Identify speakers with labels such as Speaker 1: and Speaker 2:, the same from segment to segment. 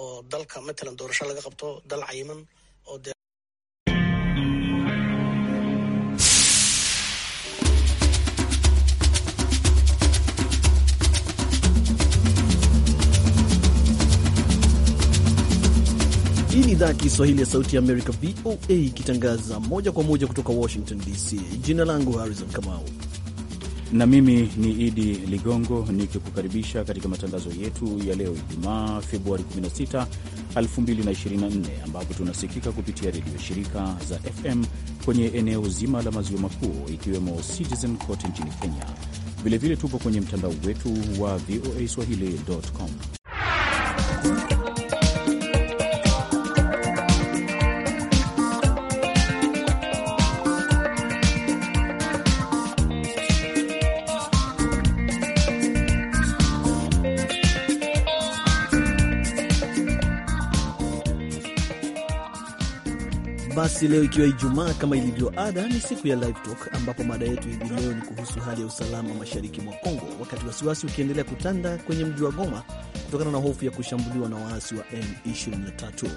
Speaker 1: oo dalka matalan doorasho laga qabto dal cayiman oo de Hii ni idhaa ya Kiswahili ya Sauti ya Amerika, VOA, ikitangaza moja kwa moja kutoka Washington DC. Jina langu Harrison Kamau
Speaker 2: na mimi ni Idi Ligongo nikikukaribisha katika matangazo yetu ya leo Ijumaa, Februari 16, 2024 ambapo tunasikika kupitia redio shirika za FM kwenye eneo zima la maziwa makuu ikiwemo Citizen kote nchini Kenya. Vilevile tupo kwenye mtandao wetu wa VOA swahili.com
Speaker 1: basi leo ikiwa Ijumaa, kama ilivyo ada, ni siku ya Live Talk ambapo mada yetu hivi leo ni kuhusu hali ya usalama mashariki mwa Kongo, wakati wasiwasi ukiendelea kutanda kwenye mji wa Goma kutokana na hofu ya kushambuliwa na waasi wa M23.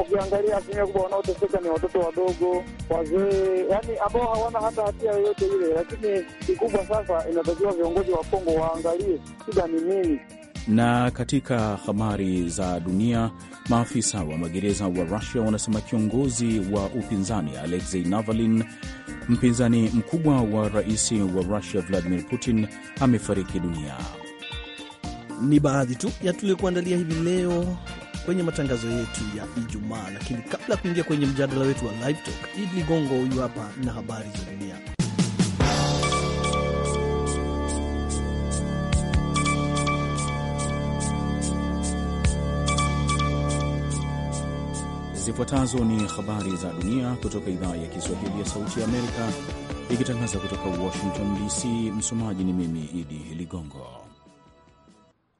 Speaker 3: Ukiangalia asilimia kubwa wanaoteseka ni watoto wadogo, wazee, yani ambao hawana hata hatia yoyote ile. Lakini kikubwa sasa, inatakiwa viongozi wa Kongo waangalie shida ni nini.
Speaker 2: Na katika habari za dunia, maafisa wa magereza wa Rusia wanasema kiongozi wa upinzani Alexei Navalny, mpinzani mkubwa wa rais wa Rusia Vladimir Putin,
Speaker 1: amefariki dunia. Ni baadhi tu ya tuliokuandalia hivi leo kwenye matangazo yetu ya Ijumaa, lakini kabla ya kuingia kwenye mjadala wetu wa Live Talk, Idi Ligongo huyu hapa na habari za dunia.
Speaker 2: Zifuatazo ni habari za dunia kutoka idhaa ya Kiswahili ya Sauti ya Amerika, ikitangaza kutoka Washington DC. Msomaji ni mimi Idi Ligongo.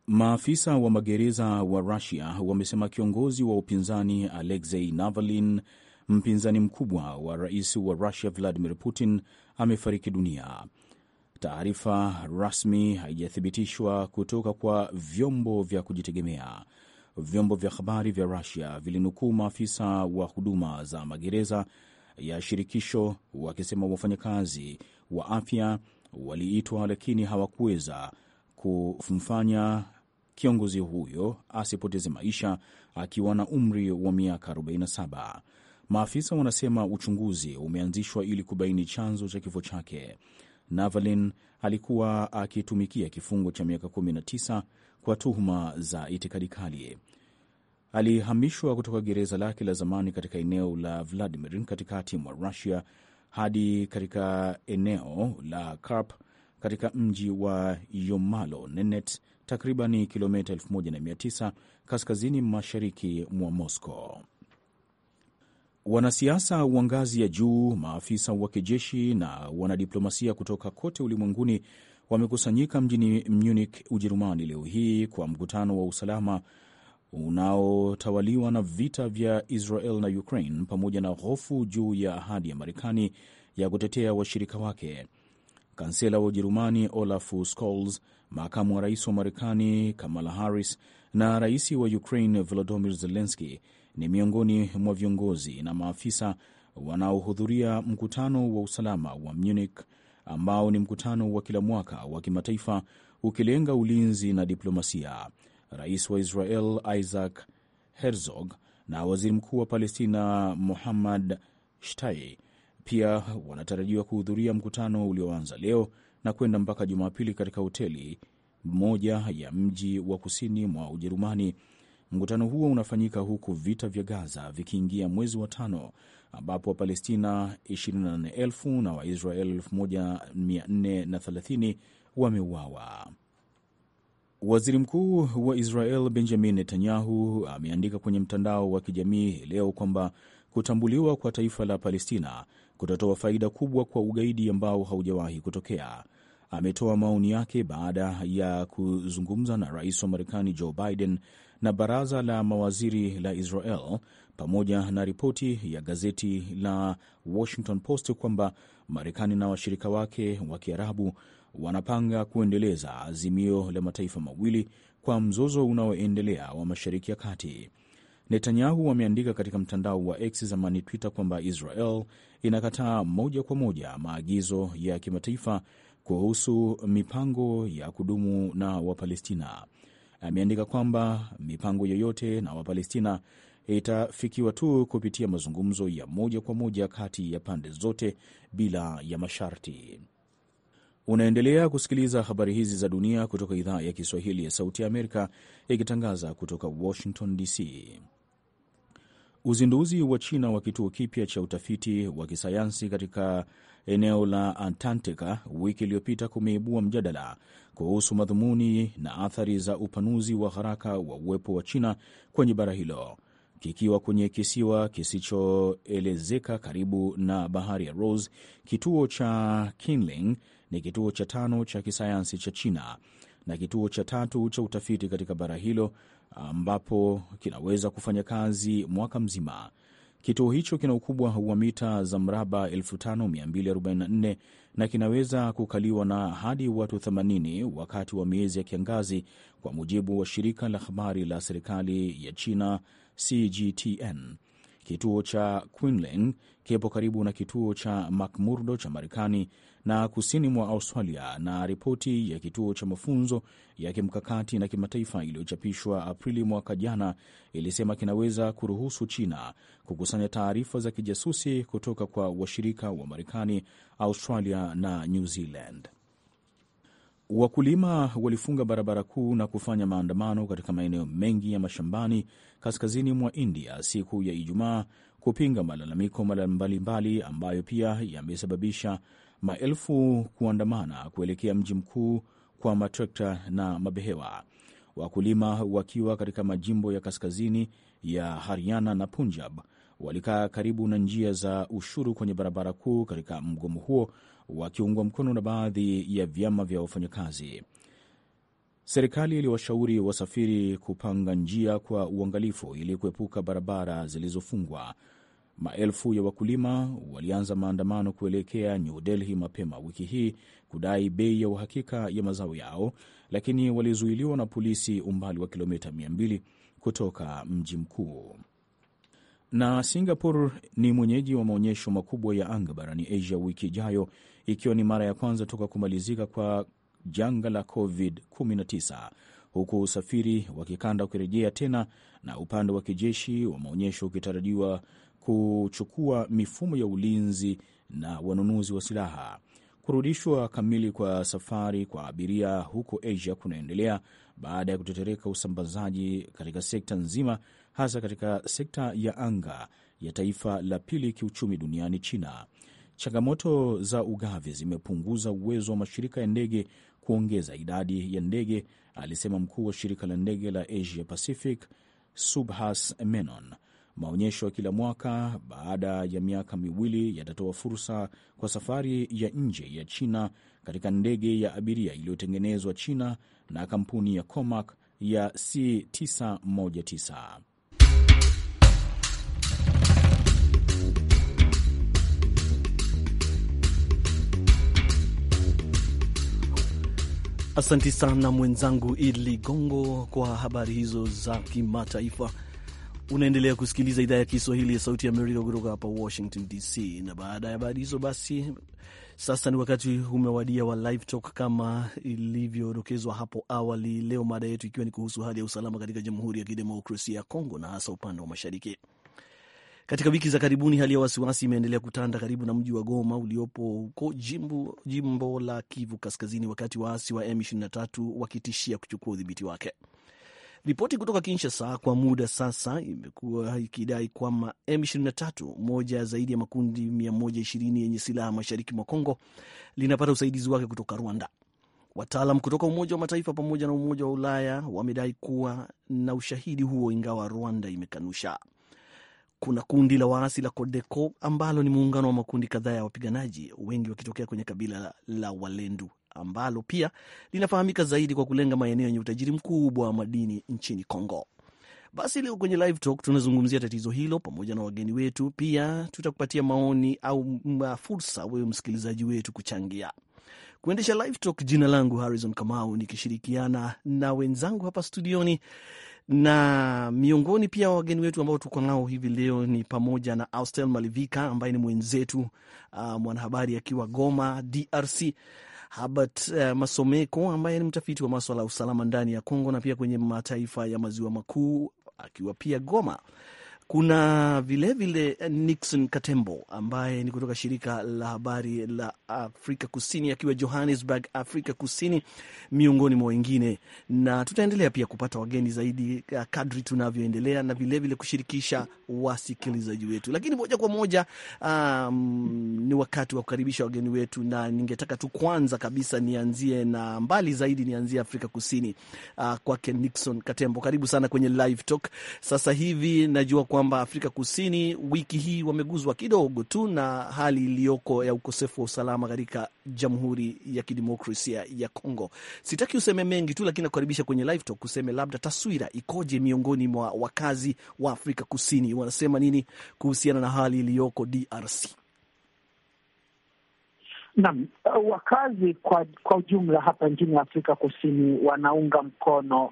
Speaker 2: Maafisa wa magereza wa Rusia wamesema kiongozi wa upinzani Alexei navalin mpinzani mkubwa wa rais wa Rusia Vladimir Putin, amefariki dunia. Taarifa rasmi haijathibitishwa kutoka kwa vyombo vya kujitegemea vyombo vya habari vya Rusia vilinukuu maafisa wa huduma za magereza ya shirikisho wakisema wafanyakazi wa afya waliitwa, lakini hawakuweza kumfanya kiongozi huyo asipoteze maisha akiwa na umri wa miaka 47. Maafisa wanasema uchunguzi umeanzishwa ili kubaini chanzo cha kifo chake. Navalin alikuwa akitumikia kifungo cha miaka 19 kwa tuhuma za itikadi kali. Alihamishwa kutoka gereza lake la zamani katika eneo la Vladimir katikati mwa Rusia hadi katika eneo la Karp katika mji wa Yomalo Nenet, takribani kilomita 1900 kaskazini mashariki mwa Moscow. Wanasiasa wa ngazi ya juu, maafisa wa kijeshi na wanadiplomasia kutoka kote ulimwenguni wamekusanyika mjini Munich, Ujerumani leo hii kwa mkutano wa usalama unaotawaliwa na vita vya Israel na Ukraine pamoja na hofu juu ya ahadi ya Marekani ya kutetea washirika wake. Kansela wa Ujerumani Olaf Scholz, makamu wa rais wa Marekani Kamala Harris na rais wa Ukraine Volodymyr Zelensky ni miongoni mwa viongozi na maafisa wanaohudhuria mkutano wa usalama wa Munich ambao ni mkutano wa kila mwaka wa kimataifa ukilenga ulinzi na diplomasia. Rais wa Israel Isaac Herzog na waziri mkuu wa Palestina Muhammad Shtai pia wanatarajiwa kuhudhuria mkutano ulioanza leo na kwenda mpaka Jumapili katika hoteli moja ya mji wa kusini mwa Ujerumani. Mkutano huo unafanyika huku vita vya Gaza vikiingia mwezi wa tano ambapo Wapalestina 24,000 na Waisrael 1430 wameuawa. Waziri Mkuu wa Israel Benjamin Netanyahu ameandika kwenye mtandao wa kijamii leo kwamba kutambuliwa kwa taifa la Palestina kutatoa faida kubwa kwa ugaidi ambao haujawahi kutokea. Ametoa maoni yake baada ya kuzungumza na rais wa Marekani Joe Biden na baraza la mawaziri la Israel pamoja na ripoti ya gazeti la Washington Post kwamba Marekani na washirika wake wa Kiarabu wanapanga kuendeleza azimio la mataifa mawili kwa mzozo unaoendelea wa Mashariki ya Kati. Netanyahu ameandika katika mtandao wa X zamani Twitter kwamba Israel inakataa moja kwa moja maagizo ya kimataifa kuhusu mipango ya kudumu na Wapalestina ameandika kwamba mipango yoyote na Wapalestina itafikiwa tu kupitia mazungumzo ya moja kwa moja kati ya pande zote bila ya masharti. Unaendelea kusikiliza habari hizi za dunia kutoka idhaa ya Kiswahili ya Sauti ya Amerika ikitangaza kutoka Washington DC. Uzinduzi wa China wa kituo kipya cha utafiti wa kisayansi katika eneo la Antarctica wiki iliyopita kumeibua mjadala kuhusu madhumuni na athari za upanuzi wa haraka wa uwepo wa China kwenye bara hilo. Kikiwa kwenye kisiwa kisichoelezeka karibu na bahari ya Ross, kituo cha Kinling ni kituo cha tano cha kisayansi cha China na kituo cha tatu cha utafiti katika bara hilo ambapo kinaweza kufanya kazi mwaka mzima. Kituo hicho kina ukubwa wa mita za mraba 5244 na kinaweza kukaliwa na hadi watu 80 wakati wa miezi ya kiangazi, kwa mujibu wa shirika la habari la serikali ya China CGTN. Kituo cha Qinling kipo karibu na kituo cha McMurdo cha Marekani na kusini mwa Australia, na ripoti ya kituo cha mafunzo ya kimkakati na kimataifa iliyochapishwa Aprili mwaka jana ilisema kinaweza kuruhusu China kukusanya taarifa za kijasusi kutoka kwa washirika wa Marekani, Australia na New Zealand. Wakulima walifunga barabara kuu na kufanya maandamano katika maeneo mengi ya mashambani kaskazini mwa India siku ya Ijumaa kupinga malalamiko mbalimbali ambayo pia yamesababisha maelfu kuandamana kuelekea mji mkuu kwa matrekta na mabehewa, wakulima wakiwa katika majimbo ya kaskazini ya Haryana na Punjab walikaa karibu na njia za ushuru kwenye barabara kuu katika mgomo huo, wakiungwa mkono na baadhi ya vyama vya wafanyakazi. Serikali iliwashauri wasafiri kupanga njia kwa uangalifu ili kuepuka barabara zilizofungwa. Maelfu ya wakulima walianza maandamano kuelekea New Delhi mapema wiki hii kudai bei ya uhakika ya mazao yao, lakini walizuiliwa na polisi umbali wa kilomita 200 kutoka mji mkuu. Na Singapore ni mwenyeji wa maonyesho makubwa ya anga barani Asia wiki ijayo, ikiwa ni mara ya kwanza toka kumalizika kwa janga la COVID-19 huku usafiri wa kikanda ukirejea tena na upande wa kijeshi wa maonyesho ukitarajiwa kuchukua mifumo ya ulinzi na wanunuzi wa silaha. Kurudishwa kamili kwa safari kwa abiria huko Asia kunaendelea baada ya kutetereka usambazaji katika sekta nzima, hasa katika sekta ya anga ya taifa la pili kiuchumi duniani China. Changamoto za ugavi zimepunguza uwezo wa mashirika ya ndege kuongeza idadi ya ndege, alisema mkuu wa shirika la ndege la Asia Pacific Subhas Menon. Maonyesho ya kila mwaka baada ya miaka miwili yatatoa fursa kwa safari ya nje ya China katika ndege ya abiria iliyotengenezwa China na kampuni ya Comac ya C919.
Speaker 1: Asanti sana mwenzangu Idli gongo kwa habari hizo za kimataifa. Unaendelea kusikiliza idhaa ya Kiswahili ya Sauti ya Amerika kutoka hapa Washington DC, na baada ya habari hizo basi sasa ni wakati umewadia wa live talk kama ilivyodokezwa hapo awali. Leo mada yetu ikiwa ni kuhusu hali ya usalama katika Jamhuri ya Kidemokrasia ya Kongo na hasa upande wa mashariki. Katika wiki za karibuni, hali ya wasiwasi imeendelea kutanda karibu na mji wa Goma uliopo huko jimbo, jimbo la Kivu Kaskazini, wakati waasi wa M23 wakitishia kuchukua udhibiti wake. Ripoti kutoka Kinshasa kwa muda sasa imekuwa ikidai kwamba M23, moja ya zaidi ya makundi 120 yenye silaha mashariki mwa Kongo, linapata usaidizi wake kutoka Rwanda. Wataalam kutoka Umoja wa Mataifa pamoja na Umoja wa Ulaya wamedai kuwa na ushahidi huo, ingawa Rwanda imekanusha. Kuna kundi la waasi la Codeco ambalo ni muungano wa makundi kadhaa ya wapiganaji, wengi wakitokea kwenye kabila la Walendu ambalo pia linafahamika zaidi kwa kulenga maeneo yenye utajiri mkubwa wa madini nchini Congo. Basi leo kwenye Live Talk tunazungumzia tatizo hilo pamoja na wageni wetu. Pia tutakupatia maoni au fursa wewe msikilizaji wetu kuchangia kuendesha Live Talk. Jina langu Harrison Kamau, nikishirikiana na wenzangu hapa studioni, na miongoni pia wageni wetu ambao tuko nao hivi leo ni pamoja na Austel Malivika ambaye ni mwenzetu uh, mwanahabari akiwa Goma, DRC Habert uh, eh, Masomeko ambaye ni mtafiti wa maswala ya usalama ndani ya Kongo na pia kwenye mataifa ya maziwa makuu akiwa pia Goma. Kuna vilevile vile Nixon Katembo ambaye ni kutoka shirika la habari la Afrika Kusini akiwa Johannesburg, Afrika Kusini, miongoni mwa wengine, na tutaendelea pia kupata wageni zaidi kadri tunavyoendelea na vilevile vile kushirikisha wasikilizaji wetu. Lakini moja kwa moja, um, ni wakati wa kukaribisha wageni wetu, na ningetaka tu kwanza kabisa nianzie na mbali zaidi, nianzie Afrika Kusini, uh, kwake Nixon Katembo. Karibu sana kwenye Live Talk. Sasa hivi najua kwa kwamba Afrika Kusini wiki hii wameguzwa kidogo tu na hali iliyoko ya ukosefu wa usalama katika Jamhuri ya Kidemokrasia ya Kongo. Sitaki useme mengi tu, lakini nakukaribisha kwenye live talk useme labda taswira ikoje miongoni mwa wakazi wa Afrika Kusini, wanasema nini kuhusiana na hali iliyoko DRC?
Speaker 4: Naam, wakazi kwa kwa ujumla hapa nchini Afrika Kusini wanaunga mkono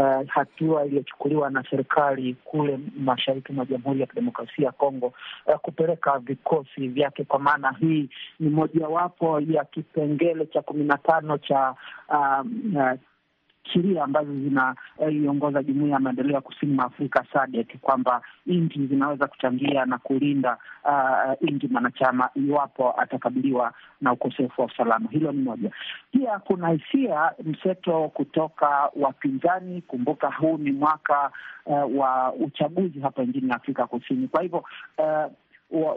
Speaker 4: uh, hatua iliyochukuliwa na serikali kule mashariki mwa Jamhuri ya Kidemokrasia ya Kongo uh, kupeleka vikosi vyake. Kwa maana hii ni mojawapo ya kipengele cha kumi na tano cha um, uh, uh sheria ambazo zinaiongoza eh, jumuia ya maendeleo ya kusini mwa Afrika SADC kwamba nchi zinaweza kuchangia na kulinda uh, nchi mwanachama iwapo atakabiliwa na ukosefu wa usalama. Hilo ni moja. Pia kuna hisia mseto kutoka wapinzani. Kumbuka huu ni mwaka uh, wa uchaguzi hapa nchini Afrika Kusini, kwa hivyo uh,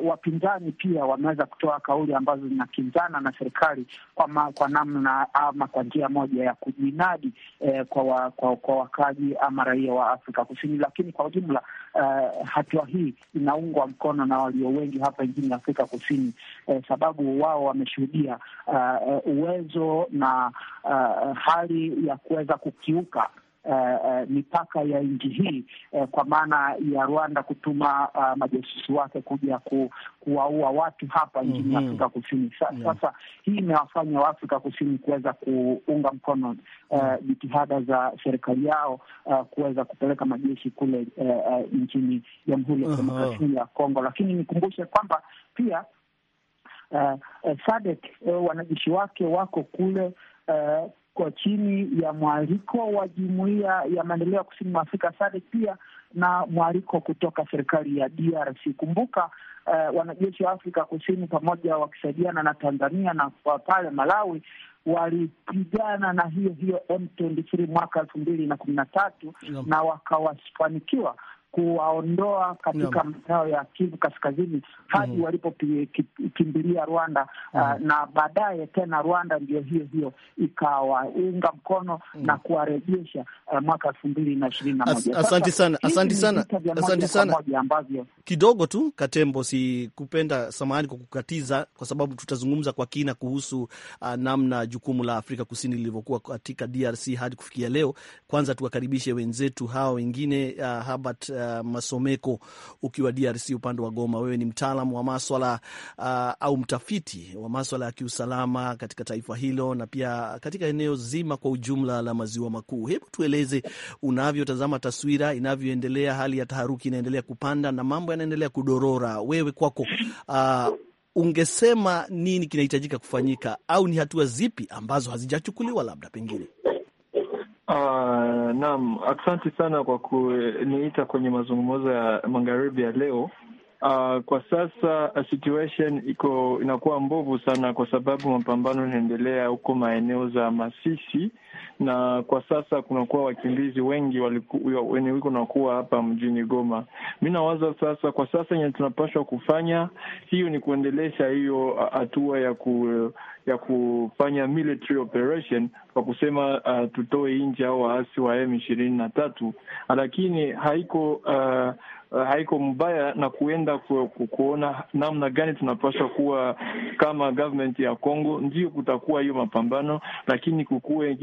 Speaker 4: wapinzani pia wameweza kutoa kauli ambazo zinakinzana na serikali kwa, ma, kwa namna ama kwa njia moja ya kujinadi eh, kwa, wa, kwa, kwa wakaji ama raia wa Afrika Kusini. Lakini kwa ujumla eh, hatua hii inaungwa mkono na walio wengi hapa nchini Afrika Kusini eh, sababu wao wameshuhudia eh, eh uwezo na eh, hali ya kuweza kukiuka uh, mipaka ya nchi hii uh, kwa maana ya Rwanda kutuma uh, majasusi wake kuja ku, kuwaua watu hapa nchini mm -hmm. Afrika Kusini. Sa, mm -hmm. Sasa hii imewafanya Waafrika Kusini kuweza kuunga mkono mhm. jitihada uh, za serikali yao uh, kuweza kupeleka majeshi kule uh, uh, nchini Jamhuri ya Kidemokrasia ya Kongo, lakini nikumbushe kwamba pia uh, uh, SADC uh, wanajeshi wake wako kule uh, kwa chini ya mwaliko wa Jumuiya ya Maendeleo ya Kusini mwa Afrika SADC pia na mwaliko kutoka serikali ya DRC. Kumbuka uh, wanajeshi wa Afrika Kusini pamoja wakisaidiana na Tanzania na kwa pale Malawi walipigana na hiyo hiyo M23 mwaka elfu mbili na kumi na tatu na wakawafanikiwa kuwaondoa katika maeneo ya Kivu Kaskazini hadi mm -hmm. walipokimbilia Rwanda mm -hmm. uh, na baadaye tena Rwanda ndio hiyo hiyo ikawaunga mkono mm -hmm. na kuwarejesha uh, mwaka elfu mbili na ishirini na moja. Asante sana, asante sana, asante sana. Ambavyo
Speaker 1: kidogo tu Katembo, si kupenda samahani kwa kukatiza, kwa sababu tutazungumza kwa kina kuhusu uh, namna jukumu la Afrika Kusini lilivyokuwa katika DRC hadi kufikia leo. Kwanza tuwakaribishe wenzetu hawa wengine uh, Habart, uh, Masomeko, ukiwa DRC upande wa Goma. Wewe ni mtaalam wa maswala uh, au mtafiti wa maswala ya kiusalama katika taifa hilo na pia katika eneo zima kwa ujumla la maziwa makuu. Hebu tueleze unavyotazama taswira inavyoendelea, hali ya taharuki inaendelea kupanda na mambo yanaendelea kudorora. Wewe kwako, uh, ungesema nini kinahitajika kufanyika au ni hatua zipi ambazo hazijachukuliwa labda pengine?
Speaker 5: Uh, naam, asante sana kwa kuniita kwenye mazungumzo ya magharibi ya leo. Uh, kwa sasa situation iko inakuwa mbovu sana, kwa sababu mapambano yanaendelea huko maeneo za Masisi, na kwa sasa kunakuwa wakimbizi wengi wenye wiko nakuwa hapa mjini Goma. Mi nawaza sasa, kwa sasa yenye tunapashwa kufanya hiyo ni kuendelesha hiyo hatua ya ku ya kufanya military operation kwa kusema uh, tutoe nje au waasi wa M ishirini na tatu, lakini haiko uh, Eh, haiko mbaya na kuenda ku, ku, kuona namna gani tunapaswa kuwa kama government ya Congo. Ndio kutakuwa hiyo mapambano, lakini kukuwe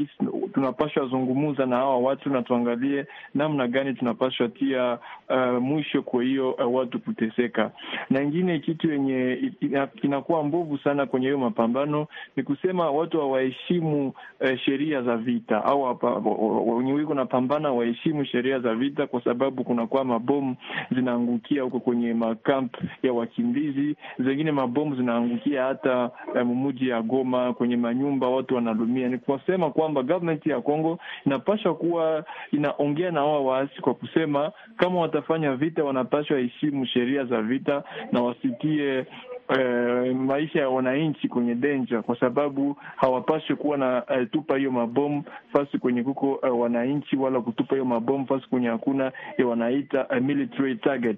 Speaker 5: tunapaswa zungumuza na hawa watu na tuangalie namna gani tunapaswa tia uh, mwisho kwa hiyo uh, watu kuteseka. Na ingine kitu yenye inakuwa mbovu sana kwenye hiyo mapambano ni kusema watu hawaheshimu uh, sheria za vita au wenye wiko napambana waheshimu sheria za vita, kwa sababu kunakuwa mabomu zinaangukia huko kwenye makamp ya wakimbizi, zengine mabomu zinaangukia hata eh, mumuji ya Goma kwenye manyumba, watu wanalumia. Ni kusema kwamba government ya Kongo inapasha kuwa inaongea na wao waasi kwa kusema kama watafanya vita, wanapashwa heshimu sheria za vita na wasitie eh, maisha ya wananchi kwenye denja, kwa sababu hawapaswi kuwa na eh, tupa hiyo mabomu fasi kwenye kuko eh, wananchi, wala kutupa hiyo mabomu fasi kwenye hakuna eh, wanaita eh, military target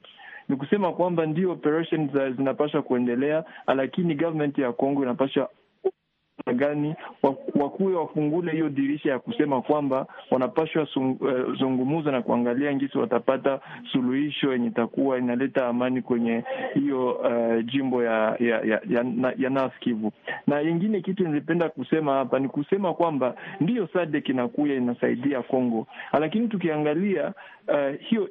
Speaker 5: ni kusema kwamba ndio operation eh, kuendelea, lakini government ya Kongo inapasha namna gani wakuwe wafungule hiyo dirisha ya kusema kwamba wanapashwa eh, zungumuza na kuangalia ngisi watapata suluhisho yenye itakuwa inaleta amani kwenye hiyo uh, jimbo ya ya, ya, ya, na, ya Naskivu. Na yengine kitu nilipenda kusema hapa ni kusema kwamba ndiyo SADC inakuya inasaidia Kongo, lakini tukiangalia uh, hiyo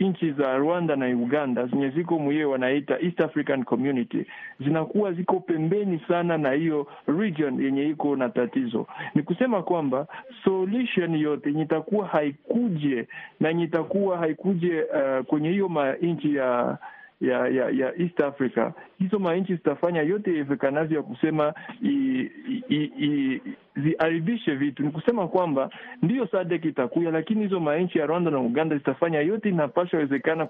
Speaker 5: nchi za Rwanda na Uganda zenye ziko mwiye wanaita East African Community zinakuwa ziko pembeni sana na hiyo region yenye iko na tatizo. Ni kusema kwamba solution yote yenye itakuwa haikuje na yenye itakuwa haikuje uh, kwenye hiyo manchi ya ya ya ya East Africa, hizo manchi zitafanya yote iwezekanavyo ya kusema i, i, i, i, ziharibishe vitu. Ni kusema kwamba ndiyo Sadek itakuya, lakini hizo manchi ya Rwanda na Uganda zitafanya yote inapasha wezekana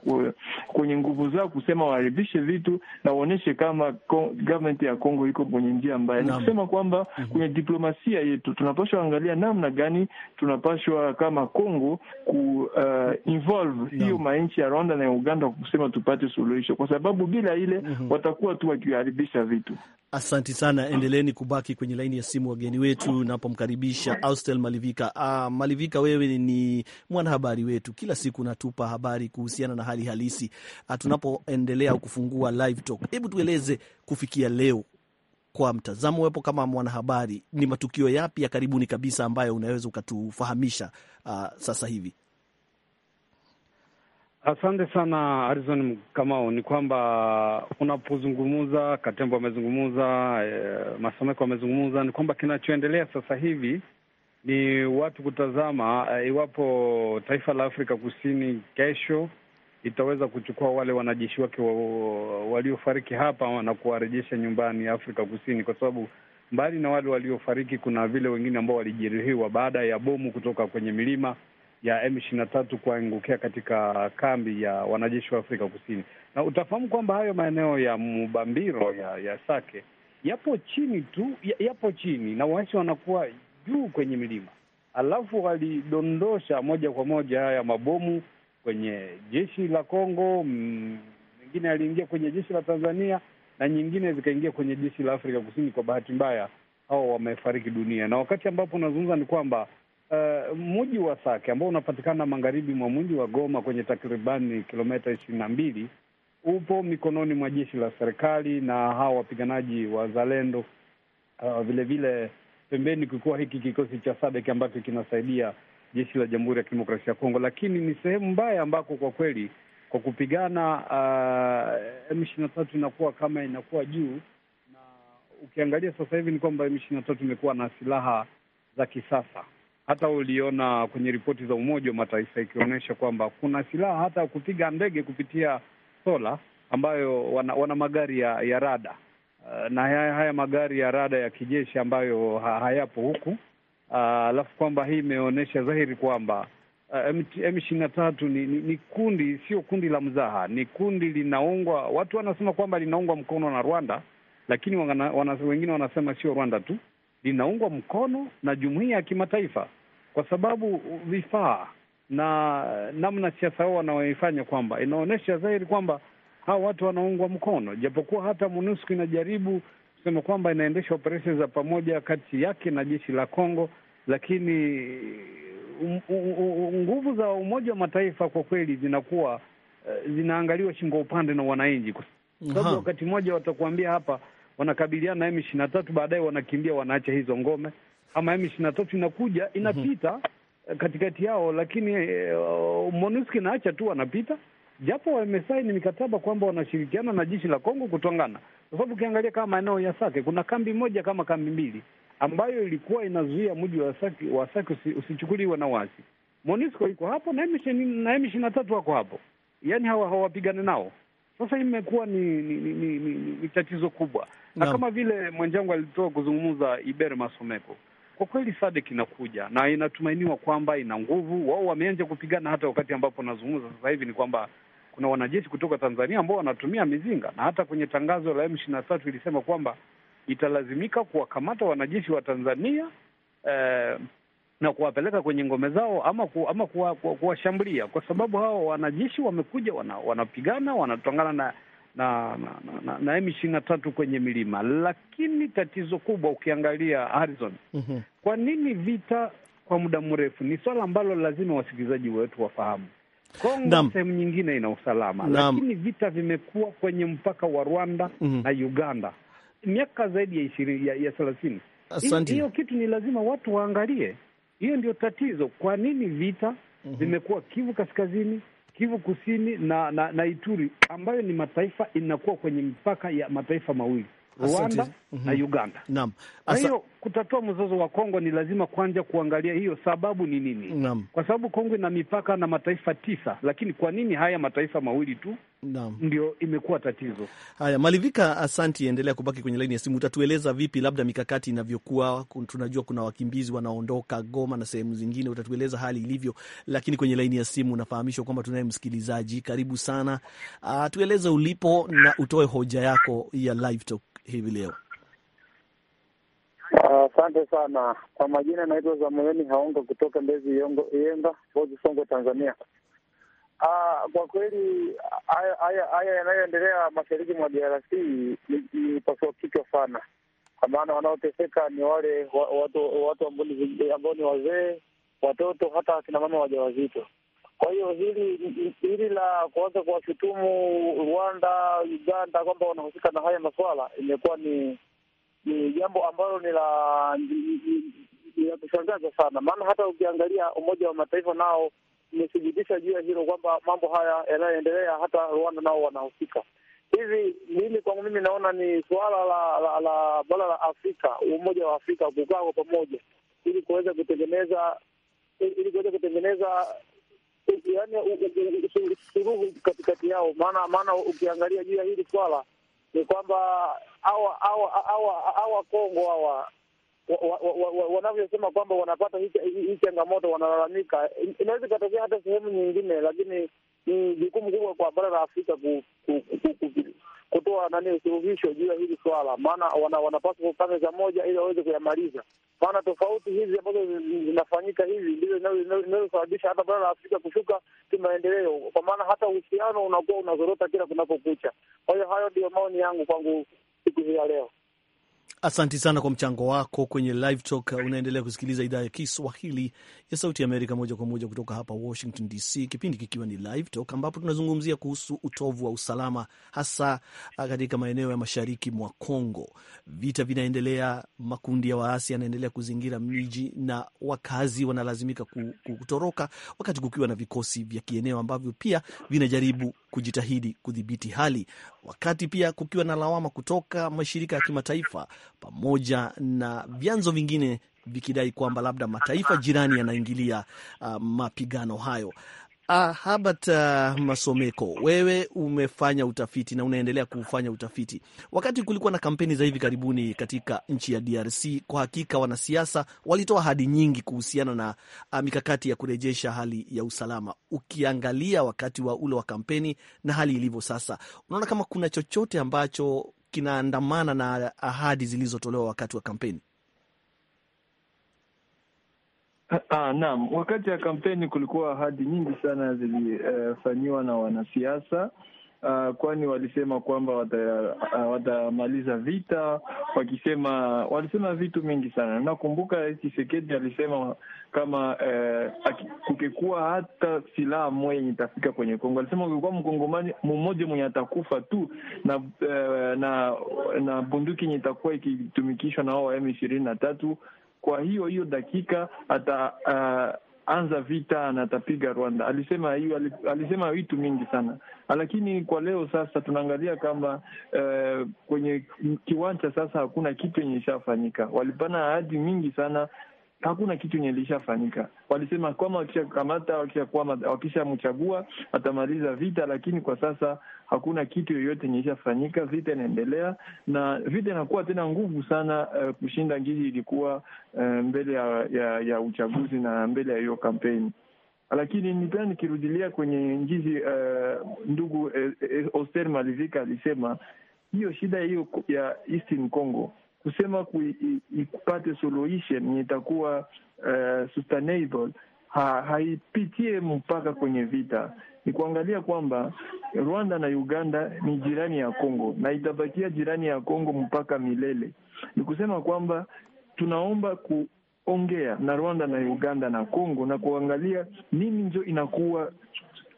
Speaker 5: kwenye nguvu zao kusema waaribishe vitu na waonyeshe kama government ya congo iko kwenye njia mbaya. Ni kusema kwamba mhm. kwenye diplomasia yetu tunapashwa angalia namna gani tunapashwa kama congo ku uh, involve hiyo manchi ya Rwanda na Uganda kusema tupate suluhisho, kwa sababu bila ile mhm. watakuwa tu wakiharibisha vitu.
Speaker 1: Asanti sana, endeleni kubaki kwenye laini ya simu, wageni wetu huyu napomkaribisha Austel Malivika. Ah, Malivika, wewe ni mwanahabari wetu, kila siku natupa habari kuhusiana na hali halisi ah, tunapoendelea kufungua live talk. Hebu tueleze kufikia leo, kwa mtazamo wepo kama mwanahabari, ni matukio yapi ya karibuni kabisa ambayo unaweza ukatufahamisha uh, sasa hivi?
Speaker 6: Asante sana Harrison Kamau. Ni kwamba unapozungumza, Katembo amezungumza, e, eh, Masomeko amezungumza, ni kwamba kinachoendelea sasa hivi ni watu kutazama e, iwapo taifa la Afrika Kusini kesho itaweza kuchukua wale wanajeshi wake waliofariki hapa na kuwarejesha nyumbani Afrika Kusini, kwa sababu mbali na wale waliofariki, kuna vile wengine ambao walijeruhiwa baada ya bomu kutoka kwenye milima ya M23 kuangukia katika kambi ya wanajeshi wa Afrika Kusini, na utafahamu kwamba hayo maeneo ya Mubambiro ya, ya Sake yapo chini tu, yapo chini na waasi wanakuwa juu kwenye milima, alafu walidondosha moja kwa moja haya mabomu kwenye jeshi la Kongo, mengine mm, yaliingia kwenye jeshi la Tanzania na nyingine zikaingia kwenye jeshi la Afrika Kusini. Kwa bahati mbaya hao wamefariki dunia, na wakati ambapo unazungumza ni kwamba uh, mji wa Sake ambao unapatikana magharibi mwa mji wa Goma kwenye takribani kilomita ishirini na mbili upo mikononi mwa jeshi la serikali na hawa wapiganaji wa Zalendo. Uh, vilevile pembeni kukuwa hiki kikosi cha Sadek ambacho kinasaidia jeshi la Jamhuri ya Kidemokrasia ya Kongo, lakini ni sehemu mbaya ambako kwa kweli kwa kupigana uh, M 23 tatu inakuwa kama inakuwa juu, na ukiangalia sasa hivi ni kwamba M 23 imekuwa na silaha za kisasa hata uliona kwenye ripoti za Umoja wa Mataifa ikionyesha kwamba kuna silaha hata kupiga ndege kupitia sola ambayo wana, wana magari ya, ya rada uh, na haya, haya magari ya rada ya kijeshi ambayo ha, hayapo huku uh, alafu uh, kwamba hii imeonyesha dhahiri kwamba uh, M ishirini na tatu ni, ni, ni kundi sio kundi la mzaha, ni kundi linaungwa, watu wanasema kwamba linaungwa mkono na Rwanda, lakini wana, wana, wengine wanasema sio Rwanda tu, linaungwa mkono na jumuiya ya kimataifa kwa sababu vifaa na namna siasa hao wanaoifanya kwamba inaonyesha dhahiri kwamba hawa watu wanaungwa mkono, japokuwa hata MONUSCO inajaribu kusema kwamba inaendesha operesheni za pamoja kati yake na jeshi la Kongo, lakini nguvu za Umoja wa Mataifa kwa kweli zinakuwa eh, zinaangaliwa shingo upande na wananchi, kwa sababu wakati mmoja watakuambia hapa wanakabiliana na M ishirini na tatu, baadaye wanakimbia wanaacha hizo ngome ama M23 inakuja mhm. inapita mm -hmm. katikati yao, lakini uh, MONUSCO inaacha tu wanapita, japo wamesaini mikataba kwamba wanashirikiana na jeshi la Kongo kutwangana, kwa sababu ukiangalia kama maeneo ya Sake kuna kambi moja kama kambi mbili ambayo ilikuwa inazuia mji wa Sake wa Sake usichukuliwe na wasi. MONUSCO iko hapo na M23 wako hapo, yani hawa hawapigane nao sasa imekuwa ni ni, ni, ni, ni, ni ni tatizo kubwa na no. Kama vile mwenzangu alitoa kuzungumza Iber Masomeko, kwa kweli SADC inakuja na inatumainiwa kwamba ina nguvu. Wao wameanza kupigana, hata wakati ambapo nazungumza sasa hivi ni kwamba kuna wanajeshi kutoka Tanzania ambao wanatumia mizinga, na hata kwenye tangazo la M23 ilisema kwamba italazimika kuwakamata wanajeshi wa Tanzania eh, na kuwapeleka kwenye ngome zao ama ku, ama kuwashambulia kuwa, kuwa kwa sababu hao wanajeshi wamekuja wana, wanapigana wanatangana na na na, na, na M ishirini na tatu kwenye milima. Lakini tatizo kubwa ukiangalia Harrison, mm -hmm. kwa nini vita kwa muda mrefu? Ni swala ambalo lazima wasikilizaji wetu wafahamu. Kongo sehemu nyingine ina usalama, lakini vita vimekuwa kwenye mpaka wa Rwanda mm -hmm. na Uganda miaka zaidi ya ishirini ya thelathini. Hiyo kitu ni lazima watu waangalie, hiyo ndio tatizo. Kwa nini vita mhm. vimekuwa mm -hmm. Kivu Kaskazini Kivu Kusini na, na, na Ituri ambayo ni mataifa inakuwa kwenye mpaka ya mataifa mawili. Rwanda mm -hmm. na mhm. Uganda. Naam. Kwa hiyo kutatua mzozo wa Kongo ni lazima kwanza kuangalia hiyo sababu ni nini? Naam. Kwa sababu Kongo ina mipaka na mataifa tisa, lakini kwa nini haya mataifa mawili tu Naam. ndio imekuwa tatizo?
Speaker 1: Haya, Malivika, asanti, endelea kubaki kwenye laini ya simu. Utatueleza vipi labda mikakati inavyokuwa? Tunajua kuna wakimbizi wanaondoka Goma na sehemu zingine, utatueleza hali ilivyo, lakini kwenye laini ya simu nafahamishwa kwamba tunaye msikilizaji. Karibu sana, ah, tueleze ulipo na utoe hoja yako ya live talk hivi leo?
Speaker 3: Ah, asante uh, sana kwa majina, naitwa Zamueni Haongo kutoka Mbezi Yemba Bozi, Songwe, Tanzania. Uh, kwa kweli haya yanayoendelea mashariki mwa DRC ni pasua kichwa sana, kwa maana wanaoteseka ni wale watu ambao ni wazee, watoto, hata akina mama wajawazito. Kwa hiyo hili hili la kuanza kuwashutumu Rwanda, Uganda kwamba wanahusika na haya masuala imekuwa ni ni jambo ambalo ni la la kushangaza sana, maana hata ukiangalia Umoja wa Mataifa nao imethibitisha juu ya hilo kwamba mambo haya yanayoendelea hata Rwanda nao wanahusika. Hivi mimi kwangu mimi naona ni suala la la, la bara la Afrika, Umoja wa Afrika kukaa kwa pamoja ili kuweza kutengeneza ili kuweza kutengeneza yani suruhu katikati yao. Maana maana ukiangalia juu ya hili swala ni kwamba hawa hawa Kongo hawa wanavyosema kwamba wanapata hii changamoto, wanalalamika. Inaweza ikatokea hata sehemu nyingine, lakini ni jukumu kubwa kwa bara la Afrika kutoa nani usuluhisho juu ya hili swala, maana wana, wanapaswa kupanga moja ili waweze kuyamaliza, maana tofauti hizi ambazo zinafanyika hivi ndizo inayosababisha hata bara la Afrika kushuka kimaendeleo, kwa maana hata uhusiano unakuwa unazorota kila kunapokucha. Kwa hiyo hayo ndiyo maoni yangu kwangu siku hii ya leo.
Speaker 1: Asanti sana kwa mchango wako kwenye live talk. Unaendelea kusikiliza idhaa ya Kiswahili ya Sauti ya Amerika moja kwa moja kutoka hapa Washington DC, kipindi kikiwa ni live talk, ambapo tunazungumzia kuhusu utovu wa usalama, hasa ah, katika maeneo ya mashariki mwa congo Vita vinaendelea, makundi ya waasi yanaendelea kuzingira miji na wakazi wanalazimika kutoroka, wakati kukiwa na vikosi vya kieneo ambavyo pia vinajaribu kujitahidi kudhibiti hali, wakati pia kukiwa na lawama kutoka mashirika ya kimataifa pamoja na vyanzo vingine vikidai kwamba labda mataifa jirani yanaingilia uh, mapigano hayo. Uh, ah, Habat uh, Masomeko, wewe umefanya utafiti na unaendelea kufanya utafiti. Wakati kulikuwa na kampeni za hivi karibuni katika nchi ya DRC, kwa hakika wanasiasa walitoa ahadi nyingi kuhusiana na uh, mikakati ya kurejesha hali ya usalama. Ukiangalia wakati wa ule wa kampeni na hali ilivyo sasa, unaona kama kuna chochote ambacho kinaandamana na ahadi zilizotolewa wakati wa kampeni?
Speaker 5: Ah, ah, naam, wakati ya kampeni kulikuwa ahadi nyingi sana zilifanyiwa uh, na wanasiasa uh, kwani walisema kwamba uh, watamaliza uh, wata vita wakisema, walisema vitu mingi sana. Nakumbuka Tshisekedi alisema kama uh, kukekuwa hata silaha moja yenye itafika kwenye Kongo, alisema ukikuwa mkongomani mmoja mwenye atakufa tu na uh, na na bunduki yenye itakuwa ikitumikishwa na wao wa M ishirini na tatu. Kwa hiyo hiyo dakika ata uh, anza vita na atapiga Rwanda. Alisema hiyo, alisema vitu mingi sana, lakini kwa leo sasa tunaangalia kama eh, kwenye kiwanja sasa hakuna kitu yenye ishafanyika. Walipana ahadi mingi sana hakuna kitu enye ilishafanyika. Walisema kwamba wakishakamata, wakishamchagua watamaliza vita, lakini kwa sasa hakuna kitu yoyote enye ilishafanyika. Vita inaendelea na vita inakuwa tena nguvu sana uh, kushinda ngizi ilikuwa uh, mbele ya, ya, ya uchaguzi na mbele ya hiyo kampeni lakini nipea nikirudilia kwenye njizi uh, eh, ndugu uh, uh, Oster Malivika alisema hiyo shida hiyo ya Eastern Congo kusema ikupate solution itakuwa uh, sustainable ha, haipitie mpaka kwenye vita. Ni kuangalia kwamba Rwanda na Uganda ni jirani ya congo na itabakia jirani ya Kongo mpaka milele. Ni kusema kwamba tunaomba ku ongea na Rwanda na Uganda na congo na kuangalia nini njo inakuwa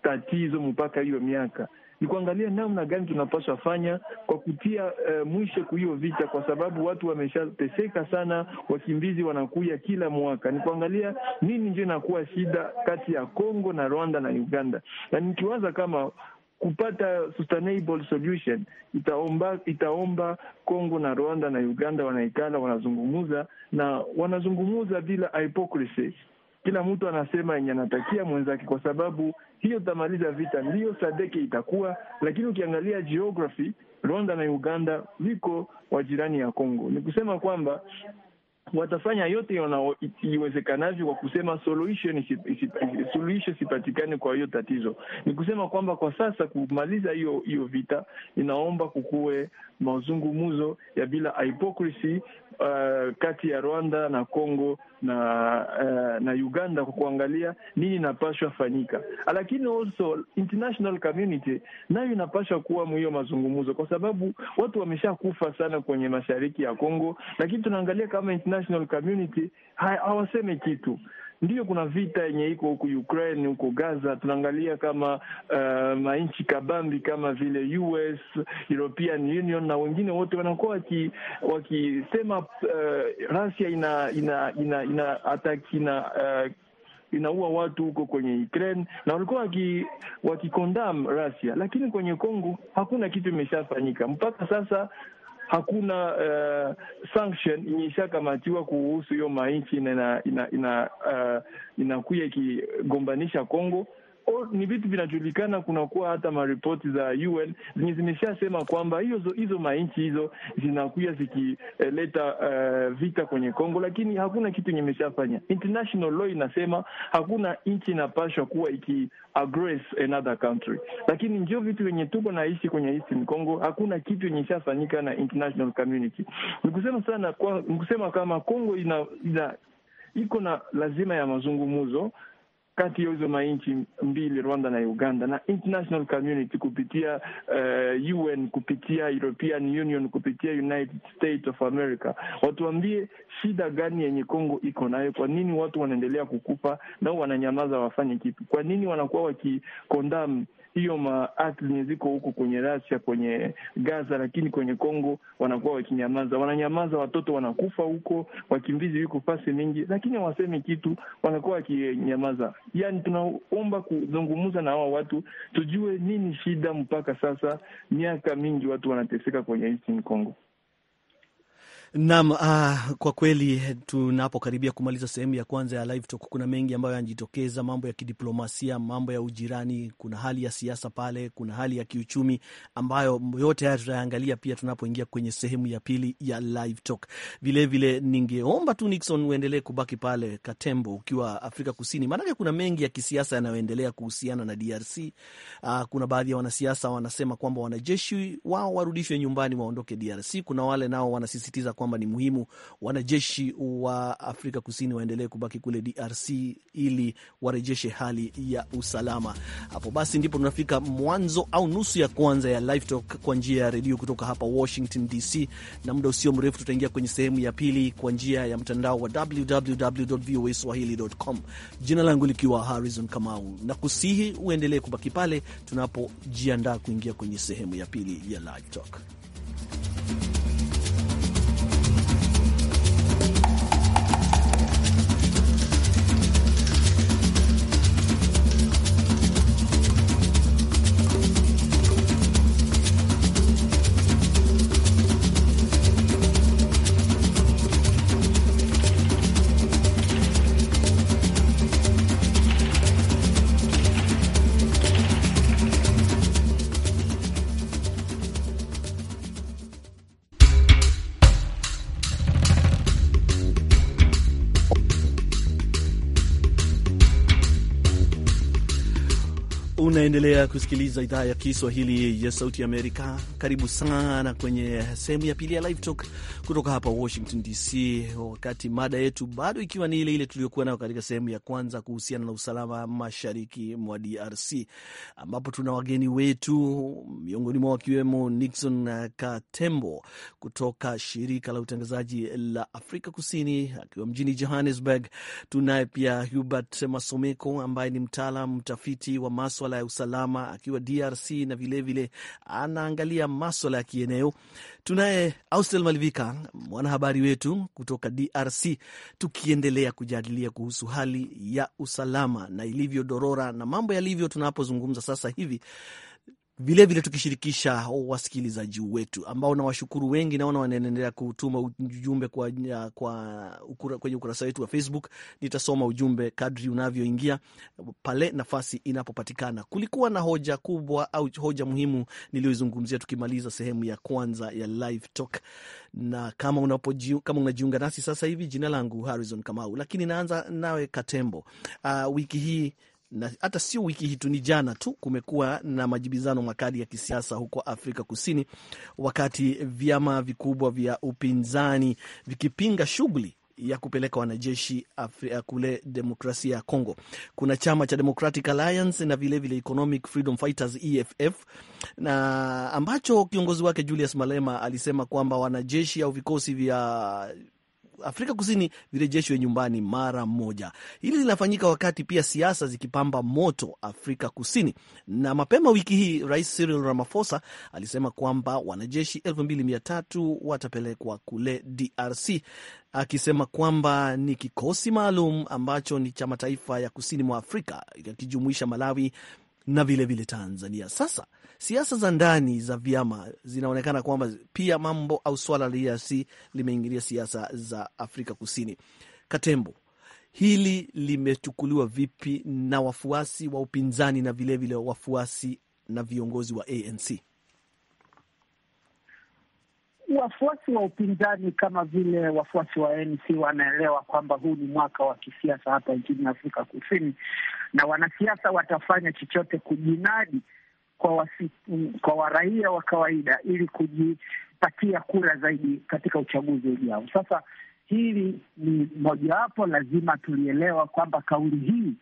Speaker 5: tatizo mpaka hiyo miaka ni kuangalia namna gani tunapaswa fanya kwa kutia uh, mwisho hiyo vita, kwa sababu watu wameshateseka sana, wakimbizi wanakuya kila mwaka. Ni kuangalia nini ndio inakuwa shida kati ya Kongo na Rwanda na Uganda, na nikiwaza kama kupata sustainable solution itaomba itaomba Kongo na Rwanda na Uganda wanaikala wanazungumuza na wanazungumuza bila hypocrisy. Kila mtu anasema yenye anatakia mwenzake, kwa sababu hiyo itamaliza vita. Ndiyo sadeke itakuwa, lakini ukiangalia geography Rwanda na Uganda viko wajirani ya congo ni kusema kwamba watafanya yote iwezekanavyo kwa kusema solution suluhisho sipatikane kwa hiyo tatizo. Ni kusema kwamba kwa sasa kumaliza hiyo hiyo vita inaomba kukuwe mazungumuzo ya bila hypocrisy uh, kati ya Rwanda na Congo na uh, na Uganda kwa kuangalia nini inapashwa fanyika, lakini also international community nayo inapashwa kuwa mwiyo mazungumzo, kwa sababu watu wameshakufa sana kwenye mashariki ya congo lakini tunaangalia kama international community hawaseme kitu Ndiyo, kuna vita yenye iko huku Ukraine, huko Gaza. Tunaangalia kama uh, eh, manchi kabambi kama vile US, European Union na wengine wote wanakuwa wakisema uh, Russia ina ina ina ina ataki na uh, eh, inaua watu huko kwenye Ukraine na walikuwa wakikondam Russia, lakini kwenye congo hakuna kitu imeshafanyika mpaka sasa hakuna uh, sanction ishakamatiwa kuhusu hiyo manchi inakuya ina, ina, uh, inakuya ikigombanisha Kongo ni vitu vinajulikana, kunakuwa hata maripoti za UN zenye zimeshasema kwamba hizo manchi hizo zinakuya zikileta uh, vita kwenye Kongo, lakini hakuna kitu yenye imeshafanya. International law inasema hakuna nchi inapashwa kuwa iki aggress another country, lakini ndio vitu vyenye tuko naishi kwenye Eastern Congo, hakuna kitu yenye ishafanyika na international community. Nikusema sana kwa nikusema kama Kongo ina, ina iko na lazima ya mazungumzo kati ya hizo manchi mbili Rwanda na Uganda, na international community kupitia uh, eh, UN kupitia European Union kupitia United States of America watuambie shida gani yenye Kongo iko nayo. Kwa nini watu wanaendelea kukufa nao wananyamaza, wafanye kitu? Kwa nini wanakuwa wakikondam hiyo maathi ziko huko kwenye Rasia, kwenye Gaza, lakini kwenye Kongo wanakuwa wakinyamaza, wananyamaza. Watoto wanakufa huko, wakimbizi wiko fasi mingi, lakini hawasemi kitu, wanakuwa wakinyamaza. Yani tunaomba kuzungumza na hawa watu tujue nini shida. Mpaka sasa miaka mingi watu wanateseka kwenye nchini Kongo.
Speaker 1: Naam, uh, kwa kweli tunapokaribia kumaliza sehemu ya kwanza ya live talk, kuna mengi ambayo yanajitokeza, mambo ya kidiplomasia, mambo ya ujirani, kuna hali ya siasa pale, kuna hali ya kiuchumi ambayo yote haya tutayaangalia pia tunapoingia kwenye sehemu ya pili ya live talk. Vilevile ningeomba tu Nixon uendelee kubaki pale Katembo, ukiwa Afrika Kusini, maanake kuna mengi ya kisiasa yanayoendelea kuhusiana na DRC. Uh, ah, kuna baadhi ya wanasiasa wanasema kwamba wanajeshi wao warudishwe nyumbani, waondoke DRC. Kuna wale nao wanasisitiza kwamba ni muhimu wanajeshi wa Afrika Kusini waendelee kubaki kule DRC ili warejeshe hali ya usalama. Hapo basi ndipo tunafika mwanzo au nusu ya kwanza ya Live Talk kwa njia ya redio kutoka hapa Washington DC, na muda usio mrefu tutaingia kwenye sehemu ya pili kwa njia ya mtandao wa swahili.com, Jina langu likiwa Harrison Kamau, na kusihi uendelee kubaki pale tunapojiandaa kuingia kwenye sehemu ya pili ya Live Talk. Unaendelea kusikiliza idhaa ya Kiswahili ya Sauti Amerika. Karibu sana kwenye sehemu ya pili ya Live Talk kutoka hapa Washington DC, wakati mada yetu bado ikiwa ni ile ile tuliyokuwa nayo katika sehemu ya kwanza kuhusiana na usalama mashariki mwa DRC, ambapo tuna wageni wetu, miongoni mwao wakiwemo Nixon Katembo kutoka shirika la utangazaji la Afrika Kusini akiwa mjini Johannesburg. Tunaye pia Hubert Masomeko ambaye ni mtaalam mtafiti wa maswala ya usalama akiwa DRC na vilevile anaangalia maswala ya kieneo. Tunaye Austel Malivika, mwanahabari wetu kutoka DRC, tukiendelea kujadilia kuhusu hali ya usalama na ilivyodorora na mambo yalivyo tunapozungumza sasa hivi vilevile tukishirikisha wasikilizaji wetu ambao nawashukuru wengi, naona wanaendelea kutuma ujumbe kwa, kwa ukura, kwenye ukurasa wetu wa Facebook. Nitasoma ujumbe kadri unavyoingia pale nafasi inapopatikana. Kulikuwa na hoja kubwa au hoja muhimu niliyoizungumzia tukimaliza sehemu ya kwanza ya Live Talk, na kama kama unajiunga nasi sasa hivi, jina langu Harrison Kamau, lakini naanza nawe Katembo. Uh, wiki hii na hata sio wiki hii tu, ni jana tu, kumekuwa na majibizano makali ya kisiasa huko Afrika Kusini, wakati vyama vikubwa vya upinzani vikipinga shughuli ya kupeleka wanajeshi Afrika kule demokrasia ya congo Kuna chama cha Democratic Alliance na vilevile vile Economic Freedom Fighters EFF, na ambacho kiongozi wake Julius Malema alisema kwamba wanajeshi au vikosi vya Afrika Kusini virejeshwe nyumbani mara moja. Hili linafanyika wakati pia siasa zikipamba moto Afrika Kusini, na mapema wiki hii Rais Cyril Ramaphosa alisema kwamba wanajeshi 2300 watapelekwa kule DRC, akisema kwamba ni kikosi maalum ambacho ni cha mataifa ya kusini mwa Afrika yakijumuisha Malawi, na vilevile vile Tanzania. Sasa siasa za ndani za vyama zinaonekana kwamba pia mambo au swala la DRC limeingilia siasa za Afrika Kusini. Katembo, hili limechukuliwa vipi na wafuasi wa upinzani na vilevile vile wafuasi na viongozi wa ANC?
Speaker 4: wafuasi wa upinzani kama vile wafuasi wa ANC wanaelewa kwamba huu ni mwaka wa kisiasa hapa nchini Afrika Kusini, na wanasiasa watafanya chochote kujinadi kwa wasi, kwa waraia wa kawaida ili kujipatia kura zaidi katika uchaguzi ujao. Sasa hili ni mojawapo, lazima tulielewa kwamba kauli hii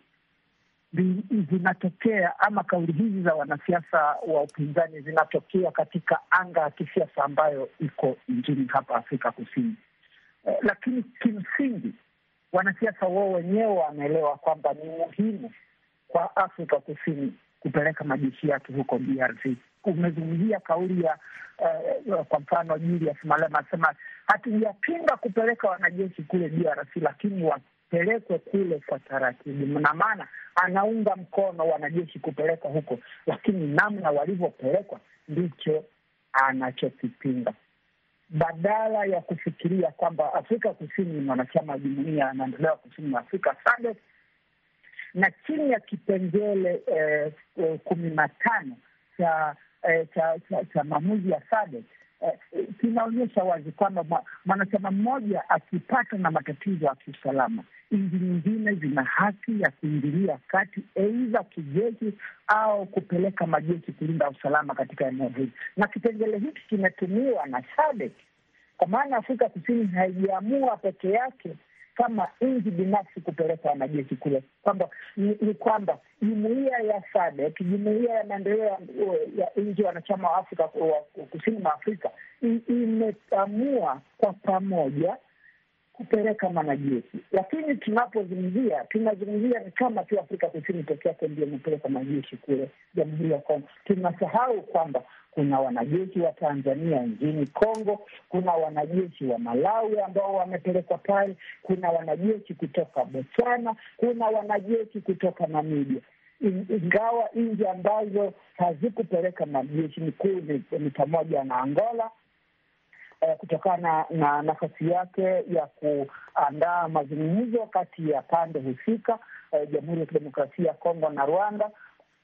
Speaker 4: zinatokea ama kauli hizi za wanasiasa wa upinzani zinatokea katika anga ya kisiasa ambayo iko nchini hapa Afrika Kusini. Eh, lakini kimsingi wanasiasa wao wenyewe wanaelewa kwamba ni muhimu kwa Afrika Kusini kupeleka majeshi yake huko DRC. Umezungumzia kauli ya uh, kwa mfano Julius Malema asema hatujapinga kupeleka wanajeshi kule DRC, lakini pelekwe kule kwa taratibu, na maana anaunga mkono wanajeshi kupelekwa huko, lakini namna walivyopelekwa ndicho anachokipinga badala ya kufikiria kwamba Afrika Kusini ni wa jumuia ya maendeleo ya kusini mwa Afrika SADC na chini ya kipengele eh, eh, kumi na tano cha, eh, cha, cha, cha maamuzi ya SADC Eh, eh, kinaonyesha eh, wazi kwamba mwanachama mmoja akipata na matatizo ya kiusalama, nchi nyingine zina haki ya kuingilia kati, aidha kijeshi au kupeleka majeshi kulinda usalama katika eneo hili, na kipengele hiki kimetumiwa na SADC kwa maana Afrika Kusini haijaamua peke yake kama nchi binafsi kupeleka wanajeshi kule, kwamba ni kwamba jumuia ya SADC, jumuia ya maendeleo ya nchi wanachama wa Afrika wa kusini mwa Afrika imeamua kwa pamoja kupeleka manajeshi lakini tunapozungumzia tunazungumzia ni kama tu Afrika Kusini peke yake ndio imepeleka mwanajeshi kule Jamhuri ya Kongo. Tunasahau kwamba kuna wanajeshi wa Tanzania nchini Kongo, kuna wanajeshi wa Malawi ambao wamepelekwa pale, kuna wanajeshi kutoka Botswana, kuna wanajeshi kutoka Namibia ingawa nchi ambazo hazikupeleka majeshi mikuu ni pamoja na Angola eh, kutokana na nafasi yake ya kuandaa mazungumzo kati ya pande husika eh, Jamhuri ya Kidemokrasia ya Kongo na Rwanda,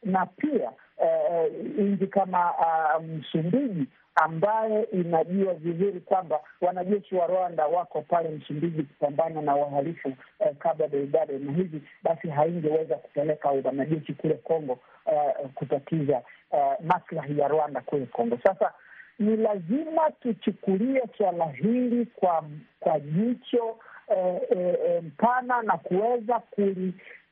Speaker 4: na pia Eh, eh, nchi kama ah, Msumbiji ambaye inajua vizuri kwamba wanajeshi wa Rwanda wako pale Msumbiji kupambana na wahalifu eh, kabla Deodado, na hivi basi haingeweza kupeleka wanajeshi kule Kongo eh, kutatiza eh, maslahi ya Rwanda kule Kongo. Sasa ni lazima tuchukulie swala hili kwa kwa jicho eh, eh, eh mpana na kuweza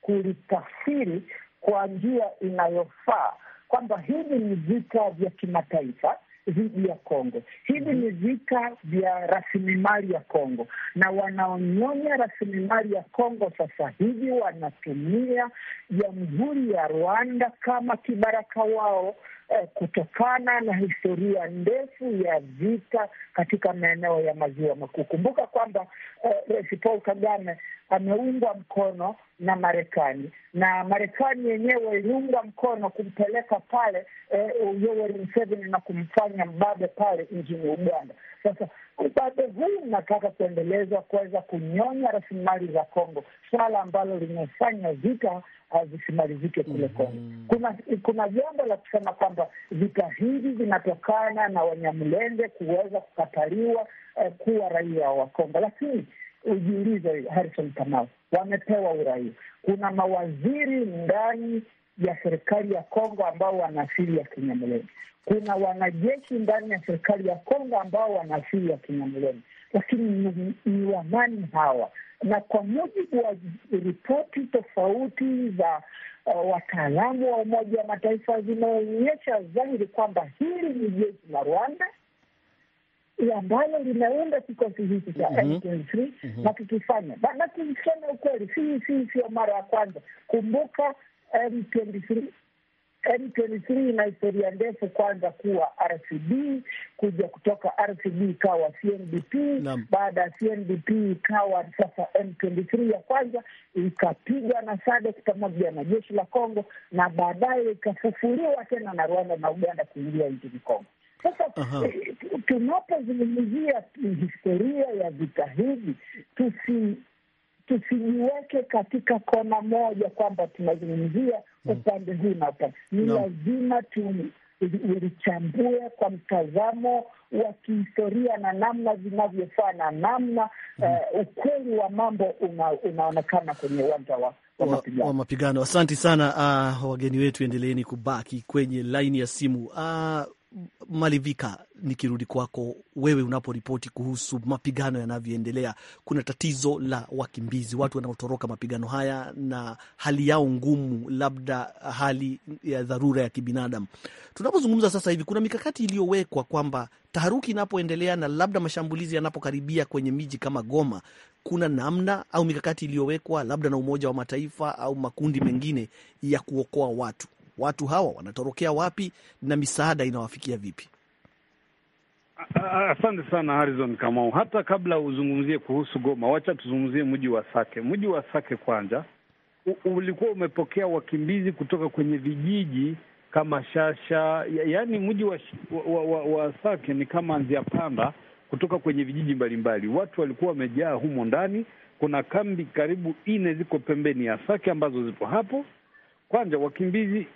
Speaker 4: kulitafsiri kwa njia inayofaa kwamba hivi ni vita vya kimataifa dhidi ya Kongo, hivi ni vita vya rasilimali ya Kongo, na wanaonyonya rasilimali ya Kongo. Sasa hivi wanatumia jamhuri ya, ya Rwanda kama kibaraka wao eh, kutokana na historia ndefu ya vita katika maeneo ya maziwa makuu. Kumbuka kwamba eh, Rais Paul Kagame ameungwa mkono na Marekani na Marekani yenyewe iliunga mkono kumpeleka pale eh, Yoweri Museveni na kumfanya mbabe pale nchini Uganda. Sasa Upande huu unataka kuendelezwa kuweza kunyonya rasilimali za Kongo, swala ambalo limefanya vita zisimalizike kule mhm. Kongo. Kuna kuna jambo la kusema kwamba vita hivi vinatokana na Wanyamulenge kuweza kukataliwa eh, kuwa raia wa Kongo, lakini ujiulize, Harrison Kamau, wamepewa uraia. Kuna mawaziri ndani ya serikali ya Kongo ambao wana asili ya Kinyamuleni. Kuna wanajeshi ndani ya serikali ya Kongo ambao wana asili ya Kinyamuleni, lakini ni wamani hawa, na kwa mujibu wa ripoti tofauti za uh, wataalamu wa Umoja wa Mataifa zinaonyesha zaidi kwamba hili ni jeshi la Rwanda ambalo linaunda kikosi hiki cha M23 mhm. mhm. na kikifanya na, na ukweli, si sio mara ya kwanza. Kumbuka M23. M23 ina historia ndefu, kwanza kuwa RCD, kuja kutoka RCD ikawa CNDP, baada ya CNDP ikawa sasa M23 ya kwanza ikapigwa na SADC pamoja na jeshi la Congo, na baadaye ikafufuliwa tena na Rwanda na Uganda kuingia nchini Congo. Sasa eh, eh, tunapozungumzia historia ya vita hivi tusi tusijiweke katika kona moja kwamba tunazungumzia mm. upande huu na upande. Ni lazima tulichambue kwa mtazamo wa kihistoria na namna zinavyofaa na namna uh, ukweli wa mambo una, unaonekana kwenye uwanja wa wa,
Speaker 1: wa mapigano. Asante sana uh, wageni wetu, endeleeni kubaki kwenye laini ya simu uh, Malivika, nikirudi kwako wewe, unaporipoti kuhusu mapigano yanavyoendelea, kuna tatizo la wakimbizi, watu wanaotoroka mapigano haya na hali yao ngumu, labda hali ya dharura ya kibinadamu. Tunapozungumza sasa hivi, kuna mikakati iliyowekwa kwamba taharuki inapoendelea na labda mashambulizi yanapokaribia kwenye miji kama Goma, kuna namna au mikakati iliyowekwa labda na Umoja wa Mataifa au makundi mengine ya kuokoa watu watu hawa wanatorokea wapi na misaada inawafikia vipi?
Speaker 6: Asante sana Harrison Kamau. Hata kabla uzungumzie kuhusu Goma, wacha tuzungumzie mji wa Sake. Mji wa Sake kwanza ulikuwa umepokea wakimbizi kutoka kwenye vijiji kama Shasha, yaani mji wa, wa, wa, wa Sake ni kama nzia panda kutoka kwenye vijiji mbalimbali. Watu walikuwa wamejaa humo ndani. Kuna kambi karibu nne ziko pembeni ya Sake ambazo zipo hapo kwanza wakimbizi,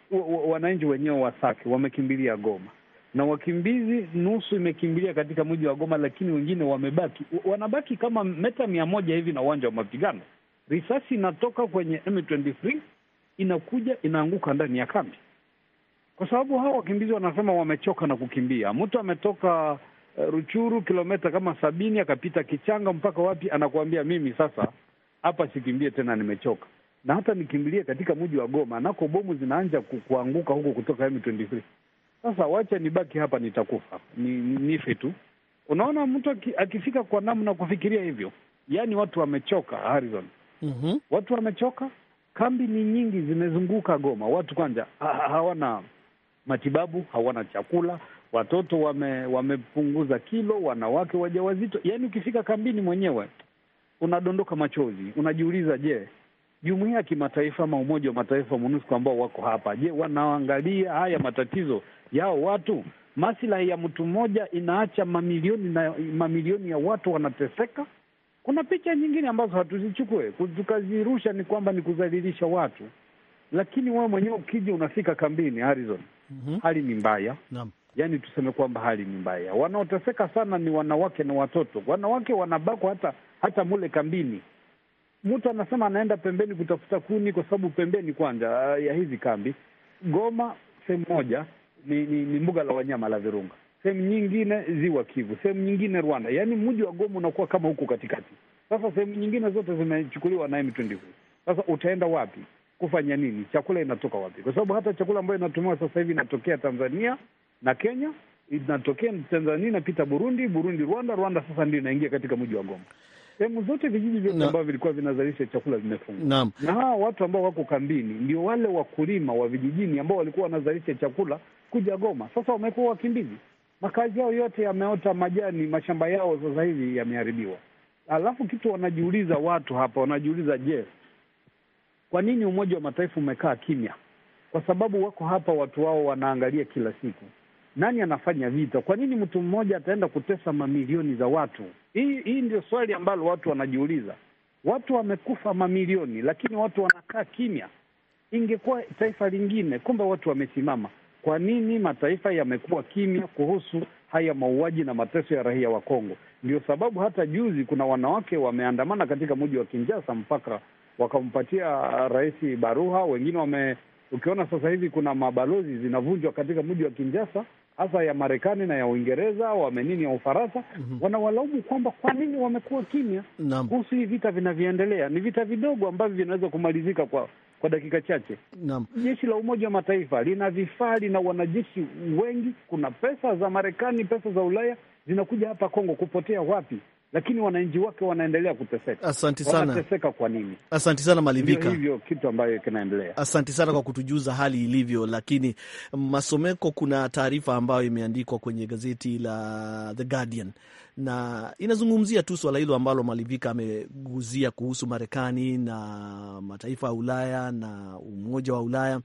Speaker 6: wananchi wenyewe Wasake wamekimbilia Goma na wakimbizi nusu imekimbilia katika mji wa Goma, lakini wengine wamebaki, wanabaki kama meta mia moja hivi na uwanja wa mapigano. Risasi inatoka kwenye M23 inakuja inaanguka ndani ya kambi, kwa sababu hawa wakimbizi wanasema wamechoka na kukimbia. Mtu ametoka eh, Ruchuru kilometa kama sabini akapita Kichanga mpaka wapi, anakuambia mimi sasa hapa sikimbie tena, nimechoka na hata nikimbilie katika mji wa Goma nako bomu zinaanza kuanguka huko kutoka M23. Sasa wacha nibaki hapa, nitakufa ni, nife tu. Unaona, mtu akifika kwa namna kufikiria hivyo, yaani watu wamechoka Harrison. mm -hmm. Watu wamechoka, kambi ni nyingi zimezunguka Goma. Watu kwanza hawana matibabu, hawana chakula, watoto wame, wamepunguza kilo, wanawake wajawazito. Yaani ukifika kambini mwenyewe unadondoka machozi, unajiuliza je, jumuia ya kimataifa ama Umoja wa Mataifa, MONUSCO, ambao wako hapa, je, wanaangalia haya matatizo yao watu? Maslahi ya mtu mmoja inaacha mamilioni na mamilioni ya watu wanateseka. Kuna picha nyingine ambazo hatuzichukue, tukazirusha ni kwamba ni kudhalilisha watu, lakini wewe mwenyewe ukija unafika kambini Arizon, mm -hmm. hali ni mbaya naam. Yaani tuseme kwamba hali ni mbaya. Wanaoteseka sana ni wanawake na watoto. Wanawake wanabakwa hata hata mule kambini, mtu anasema anaenda pembeni kutafuta kuni, kwa sababu pembeni kwanza ah, ya hizi kambi Goma sehemu moja ni, ni, ni mbuga la wanyama la Virunga, sehemu nyingine ziwa Kivu, sehemu nyingine Rwanda. Yaani mji wa Goma unakuwa kama huko katikati. Sasa sehemu nyingine zote zimechukuliwa na mtundi huu. Sasa utaenda wapi kufanya nini? Chakula inatoka wapi? Kwa sababu hata chakula ambayo inatumiwa sasa hivi inatokea Tanzania na Kenya, inatokea Tanzania inapita Burundi, Burundi Rwanda, Rwanda sasa ndio inaingia katika mji wa Goma sehemu zote vijiji vyote ambavyo vilikuwa vinazalisha chakula vimefungwa. Naam, na hawa watu ambao wako kambini ndio wale wakulima wa vijijini ambao walikuwa wanazalisha chakula kuja Goma, sasa wamekuwa wakimbizi. Makazi yao yote yameota majani, mashamba yao sasa hivi yameharibiwa. Alafu kitu wanajiuliza watu hapa, wanajiuliza je, kwa nini Umoja wa Mataifa umekaa kimya? Kwa sababu wako hapa watu wao wanaangalia kila siku nani anafanya vita. Kwa nini mtu mmoja ataenda kutesa mamilioni za watu hii hii ndio
Speaker 3: swali ambalo watu
Speaker 6: wanajiuliza. Watu wamekufa mamilioni, lakini watu wanakaa kimya. Ingekuwa taifa lingine, kumbe watu wamesimama. Kwa nini mataifa yamekuwa kimya kuhusu haya mauaji na mateso ya raia wa Kongo? Ndio sababu hata juzi kuna wanawake wameandamana katika mji wa Kinshasa mpaka wakampatia rais barua. Wengine wame, ukiona sasa hivi kuna mabalozi zinavunjwa katika mji wa Kinshasa hasa ya Marekani na ya Uingereza wamenini ya Ufaransa mm -hmm. wanawalaumu kwamba kwa nini wamekuwa kimya kuhusu hii vita vinavyoendelea. Ni vita vidogo ambavyo vinaweza kumalizika kwa kwa dakika chache. Naam. Jeshi la Umoja wa Mataifa lina vifaa, lina wanajeshi wengi, kuna pesa za Marekani, pesa za Ulaya zinakuja hapa Kongo kupotea wapi? lakini wananchi wake wanaendelea kuteseka. Asante sana, wanateseka kwa nini?
Speaker 1: Asante sana Malivika,
Speaker 6: hivyo kitu ambayo kinaendelea.
Speaker 1: Asante sana kwa kutujuza hali ilivyo. Lakini Masomeko, kuna taarifa ambayo imeandikwa kwenye gazeti la The Guardian na inazungumzia tu swala hilo ambalo Malivika ameguzia kuhusu Marekani na mataifa ya Ulaya na Umoja wa Ulaya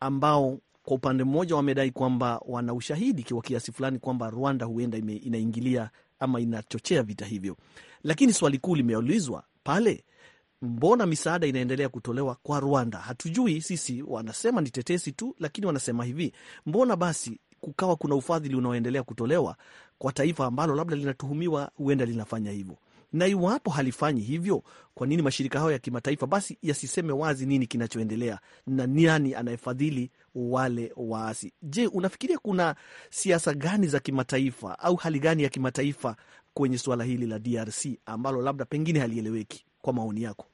Speaker 1: ambao kwa upande mmoja wamedai kwamba wana ushahidi kwa kiasi fulani kwamba Rwanda huenda ime, inaingilia ama inachochea vita hivyo. Lakini swali kuu limeulizwa pale, mbona misaada inaendelea kutolewa kwa Rwanda? Hatujui sisi, wanasema ni tetesi tu, lakini wanasema hivi, mbona basi kukawa kuna ufadhili unaoendelea kutolewa kwa taifa ambalo labda linatuhumiwa huenda linafanya hivyo. Na iwapo halifanyi hivyo, kwa nini mashirika hayo ya kimataifa basi yasiseme wazi nini kinachoendelea na nani anayefadhili wale waasi? Je, unafikiria kuna siasa gani za kimataifa au hali gani ya kimataifa kwenye suala hili la DRC ambalo labda pengine halieleweki kwa maoni yako?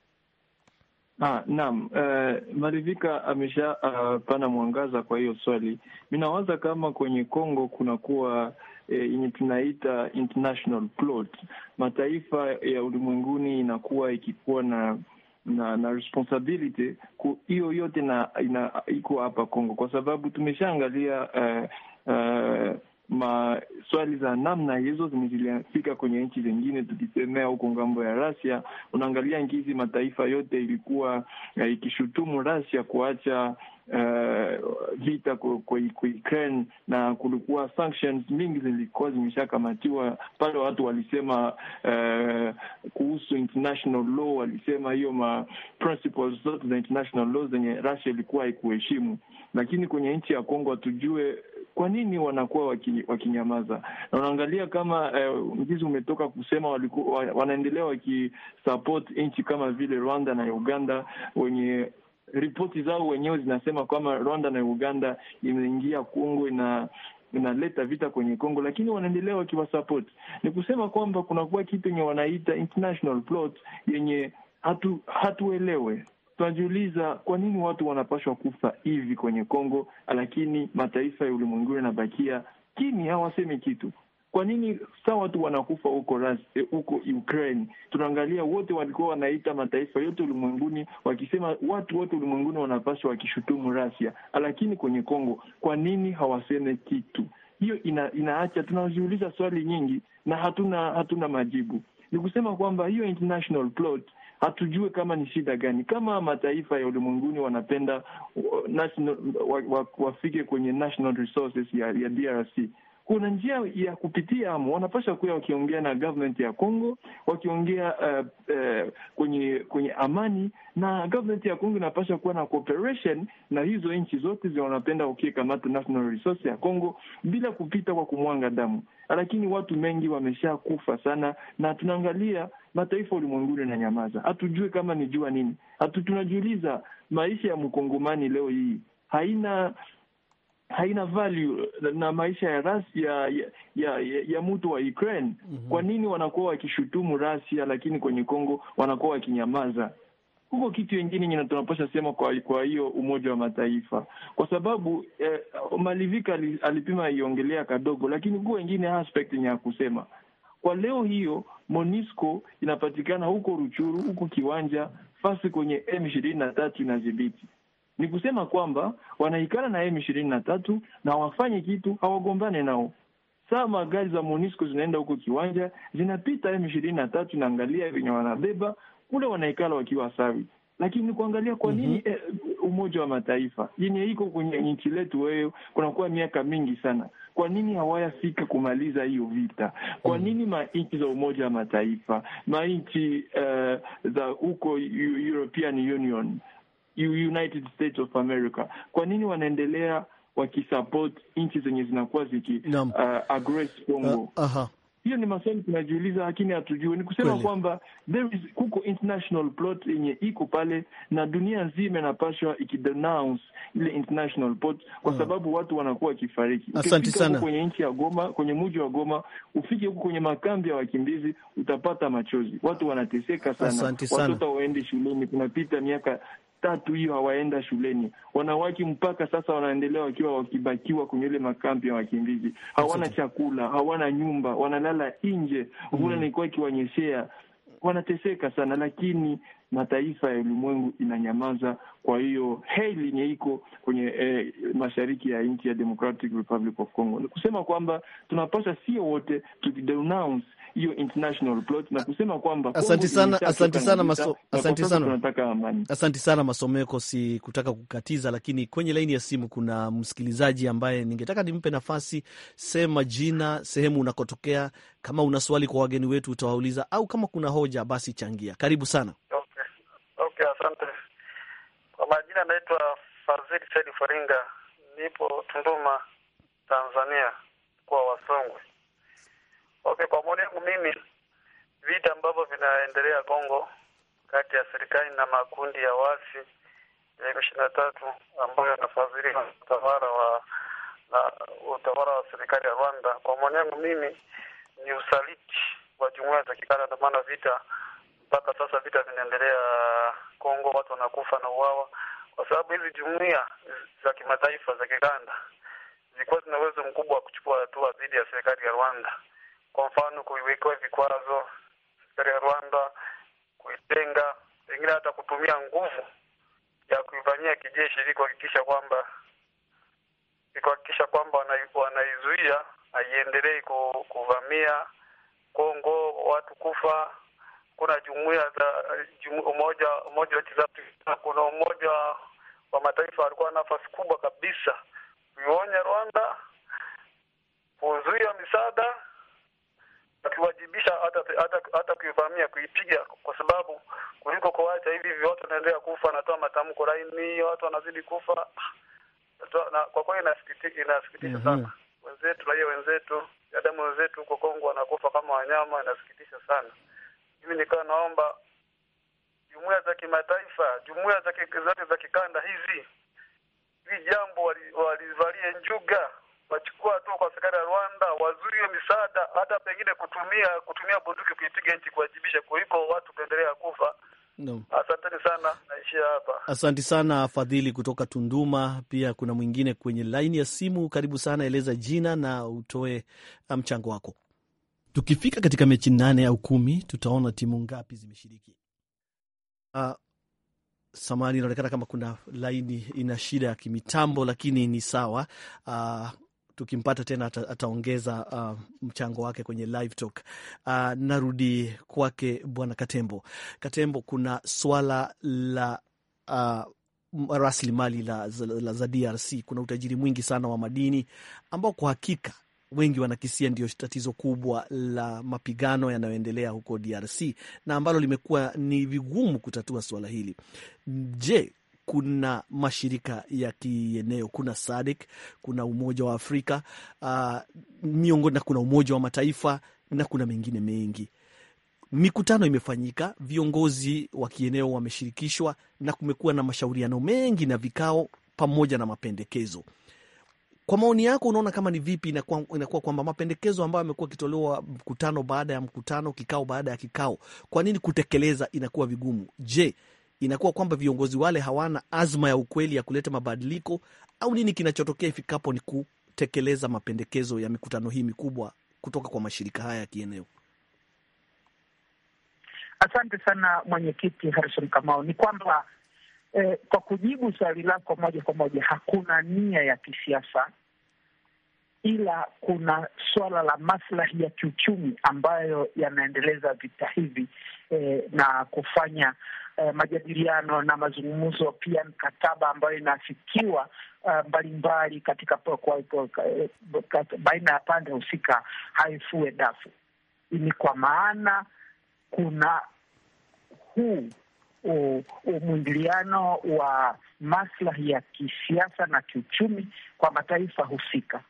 Speaker 5: Ah, naam. Uh, eh, Marivika ameshapana ah, uh, mwangaza kwa hiyo swali. Minawaza kama kwenye Kongo kunakuwa E, yenye e, tunaita international plot. Mataifa ya ulimwenguni inakuwa ikikuwa na na na responsibility hiyo yote na ina, iko hapa Kongo kwa sababu tumeshaangalia uh, uh, maswali za namna hizo zilifika kwenye nchi zingine, tukisemea huko ngambo ya Rasia. Unaangalia ngizi mataifa yote ilikuwa uh, ikishutumu Rasia kuacha uh, vita kwa Ukraine na kulikuwa sanctions mingi zilikuwa zimeshakamatiwa pale. Watu walisema uh, kuhusu international law, walisema hiyo ma principles zote za international law zenye Russia ilikuwa haikuheshimu, lakini kwenye nchi ya Kongo hatujue kwa nini wanakuwa waki, wakinyamaza na unaangalia kama uh, mjizi mjizi umetoka kusema waliku, wanaendelea wakisupport nchi kama vile Rwanda na Uganda wenye ripoti zao wenyewe zinasema kwamba Rwanda na Uganda imeingia Kongo ina inaleta vita kwenye Kongo, lakini wanaendelea wakiwasupport. Ni kusema kwamba kunakuwa kitu yenye wanaita international plot yenye hatu hatuelewe. Tunajiuliza kwa nini watu wanapashwa kufa hivi kwenye Kongo, lakini mataifa ya ulimwenguni yanabakia kimya, hawasemi kitu. Kwa nini saa watu wanakufa huko eh, huko Ukraine? Tunaangalia wote walikuwa wanaita mataifa yote ulimwenguni wakisema watu wote ulimwenguni wanapaswa wakishutumu Rasia, lakini kwenye Kongo kwa nini hawaseme kitu? Hiyo ina, inaacha tunajiuliza swali nyingi na hatuna hatuna majibu. Ni kusema kwamba hiyo international plot hatujue kama ni shida gani, kama mataifa ya ulimwenguni wanapenda uh, national, wa, wa, wafike kwenye national resources ya, ya DRC kuna njia ya kupitia amo, wanapasha kuwa wakiongea na government ya Congo, wakiongea uh, uh, kwenye kwenye amani, na government ya Congo inapasha kuwa na cooperation na hizo nchi zote zinapenda ukikamata national resource ya Congo bila kupita kwa kumwanga damu, lakini watu mengi wamesha kufa sana, na tunaangalia mataifa ulimwenguni na nyamaza, hatujue kama ni jua nini hatu, tunajiuliza maisha ya mkongomani leo hii haina haina value na maisha ya Rasia ya, ya, ya, ya mtu wa Ukraine. mm -hmm. Kwa nini wanakuwa wakishutumu Rasia lakini kwenye Kongo wanakuwa wakinyamaza? Huko kitu nyina tunaposha sema kwa kwa hiyo Umoja wa Mataifa, kwa sababu eh, Malivika alipima iongelea kadogo, lakini kuwa wengine aspect ya kusema kwa leo hiyo Monisco inapatikana huko Ruchuru, huko kiwanja fasi kwenye M ishirini na tatu inadhibiti ni kusema kwamba wanaikala na M ishirini na tatu na wafanye kitu, hawagombane nao. Saa magari za Monisco zinaenda huko kiwanja zinapita, M ishirini na tatu inaangalia wanabeba kule, wanaikala wakiwa sawi, lakini kuangalia kwa nini mm -hmm. eh, Umoja wa Mataifa yenye iko kwenye nchi letu wewe, kunakuwa miaka mingi sana, kwa nini hawayafika kumaliza hiyo vita? Kwa mhm. nini manchi za Umoja wa Mataifa manchi uh, eh, za huko European Union United States of America. Kwa nini wanaendelea wakisupport nchi zenye zinakuwa ziki uh, aggress Congo? uh, uh -huh. Hiyo ni maswali tunajiuliza, lakini hatujui. Ni kusema kwamba there is kuko international plot yenye iko pale na dunia nzima inapashwa ikidenounce ile international plot kwa mm. sababu watu wanakuwa wakifariki. Asante sana. Kwenye nchi ya Goma, kwenye mji wa Goma, ufike huko kwenye makambi ya wakimbizi, utapata machozi. Watu wanateseka sana, watoto waende shuleni, kunapita miaka tatu hiyo hawaenda shuleni. Wanawake mpaka sasa wanaendelea wakiwa wakibakiwa kwenye ile makambi ya wakimbizi, hawana chakula, hawana nyumba, wanalala nje, mvula mm. nikuwa ikiwanyeshea, wanateseka sana, lakini mataifa ya ulimwengu inanyamaza. Kwa hiyo heli nye iko kwenye eh, mashariki ya nchi ya Democratic Republic of Congo ni kusema kwamba tunapasha sio wote tukidenounce hiyo international plot na kusema kwamba asante sana, asante sana maso, asante sana tunataka amani.
Speaker 1: Asante sana Masomeko, si kutaka kukatiza, lakini kwenye laini ya simu kuna msikilizaji ambaye ningetaka nimpe nafasi. Sema jina, sehemu unakotokea, kama una swali kwa wageni wetu utawauliza, au kama kuna hoja basi changia. Karibu sana. Okay, okay, asante
Speaker 7: kwa majina. Naitwa Farzili Said Faringa, nipo Tunduma, Tanzania, kwa Wasongwe. Okay, kwa maoni yangu mimi, vita ambavyo vinaendelea Kongo kati ya serikali na makundi ya wasi ya M tatu ambayo yanafadhiliwa utawala wa na utawala wa serikali ya Rwanda, kwa maoni yangu mimi ni usaliti wa jumuiya za kikanda. Ndio maana vita mpaka sasa vita vinaendelea Kongo, watu wanakufa na uwawa, kwa sababu hizi jumuiya za kimataifa za kikanda zilikuwa zina uwezo mkubwa wa kuchukua hatua dhidi ya serikali ya Rwanda. Kwa mfano kuiwekewa vikwazo serikali ya Rwanda, kuitenga, pengine hata kutumia nguvu ya kuivamia kijeshi ili kuhakikisha kwamba kuhakikisha kwamba wanaizuia haiendelei kuvamia Kongo, watu kufa. Kuna jumuiya za umoja umoja wa nchi za Afrika, kuna Umoja wa Mataifa alikuwa na nafasi kubwa kabisa kuionya Rwanda, kuzuia misaada wakiwajibisha hata hata hata kuivamia kuipiga, kwa sababu kuliko kuacha hivi hivi, watu wanaendelea kufa, anatoa matamko laini, watu wanazidi kufa. Kwa kweli inasikitisha mhm. sana, wenzetu raia wenzetu, binadamu wenzetu huko Kongo wanakufa kama wanyama, inasikitisha sana. Mimi nikawa naomba jumuiya za kimataifa, jumuiya zote za kikanda hizi, hii jambo walivalie njuga wachukua hatua kwa serikali ya Rwanda, wazuie misaada, hata pengine kutumia kutumia bunduki kuipiga nchi, kuwajibisha kuliko watu kuendelea kufa. No. Asanteni sana,
Speaker 1: naishia hapa. Asante sana Fadhili kutoka Tunduma. Pia kuna mwingine kwenye laini ya simu. Karibu sana, eleza jina na utoe uh, mchango wako. Tukifika katika mechi nane au kumi, tutaona timu ngapi zimeshiriki. Uh, samani inaonekana kama kuna laini ina shida ya kimitambo, lakini ni sawa. Uh, tukimpata tena ata, ataongeza uh, mchango wake kwenye live talk. Uh, narudi kwake bwana Katembo. Katembo, kuna swala la uh, rasilimali la, la, za DRC. Kuna utajiri mwingi sana wa madini ambao kwa hakika wengi wanakisia ndio tatizo kubwa la mapigano yanayoendelea huko DRC na ambalo limekuwa ni vigumu kutatua suala hili. Je, kuna mashirika ya kieneo, kuna SADC, kuna Umoja wa Afrika uh, miongoni na kuna Umoja wa Mataifa na kuna mengine mengi. Mikutano imefanyika, viongozi wa kieneo wameshirikishwa na kumekuwa na mashauriano mengi na vikao pamoja na mapendekezo. Kwa maoni yako, unaona kama ni vipi inakuwa, kwamba mapendekezo ambayo yamekuwa akitolewa mkutano baada ya mkutano, kikao baada ya kikao, kwa nini kutekeleza inakuwa vigumu? Je, inakuwa kwamba viongozi wale hawana azma ya ukweli ya kuleta mabadiliko, au nini kinachotokea ifikapo ni kutekeleza mapendekezo ya
Speaker 4: mikutano hii mikubwa kutoka kwa mashirika haya ya kieneo? Asante sana mwenyekiti harison Kamau. Ni kwamba eh, kwa kujibu swali lako moja kwa moja, hakuna nia ya kisiasa, ila kuna suala la maslahi ya kiuchumi ambayo yanaendeleza vita hivi eh, na kufanya eh, majadiliano na mazungumzo, pia mkataba ambayo inafikiwa uh, mbalimbali katika eh, baina ya pande husika haifue dafu. Ni kwa maana kuna huu umwingiliano wa maslahi ya kisiasa na kiuchumi kwa mataifa husika.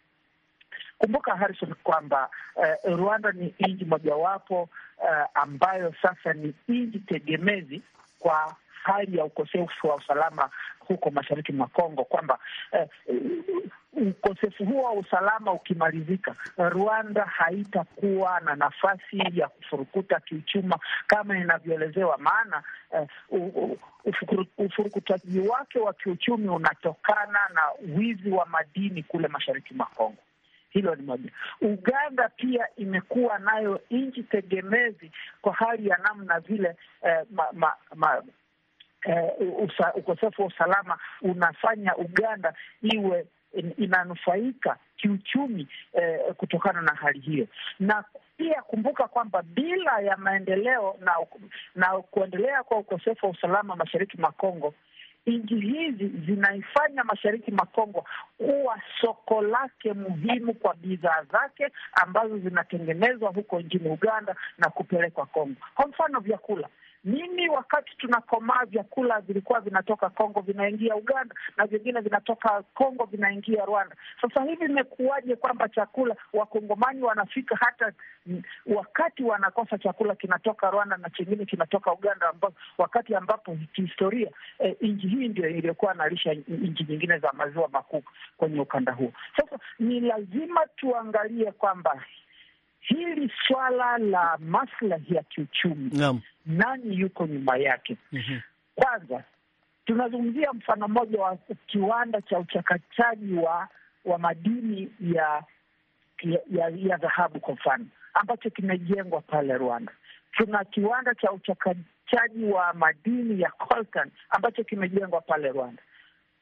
Speaker 4: Kumbuka Harrison, kwamba uh, Rwanda ni nchi mojawapo uh, ambayo sasa ni nchi tegemezi kwa hali ya ukosefu wa usalama huko mashariki mwa Kongo, kwamba eh, ukosefu huo wa usalama ukimalizika, Rwanda haitakuwa na nafasi ya kufurukuta kiuchuma kama inavyoelezewa. Maana eh, ufurukutaji wake wa kiuchumi unatokana na wizi wa madini kule mashariki mwa Kongo. Hilo ni moja. Uganda pia imekuwa nayo nchi tegemezi kwa hali ya namna vile eh, ma, ma, ma, eh, usa, ukosefu wa usalama unafanya Uganda iwe inanufaika kiuchumi eh, kutokana na hali hiyo na pia kumbuka kwamba bila ya maendeleo na, na kuendelea kwa ukosefu wa usalama mashariki mwa Kongo nchi hizi zinaifanya mashariki mwa Kongo kuwa soko lake muhimu kwa bidhaa zake ambazo zinatengenezwa huko nchini Uganda na kupelekwa Kongo. Kwa mfano vyakula mimi wakati tunakomaa vyakula vilikuwa vinatoka Kongo vinaingia Uganda na vingine vinatoka Kongo vinaingia Rwanda. Sasa hivi imekuwaje kwamba chakula wakongomani wanafika hata wakati wanakosa chakula kinatoka Rwanda na chingine kinatoka Uganda, ambapo wakati ambapo kihistoria eh, nchi hii ndio iliyokuwa analisha nchi nyingine za maziwa makuu kwenye ukanda huo. Sasa ni lazima tuangalie kwamba hili swala la maslahi ya kiuchumi nani yuko nyuma yake? mm -hmm. Kwanza tunazungumzia mfano mmoja wa kiwanda cha uchakataji wa wa madini ya ya dhahabu kwa mfano ambacho kimejengwa pale Rwanda. Tuna kiwanda cha uchakataji wa madini ya coltan ambacho kimejengwa pale Rwanda.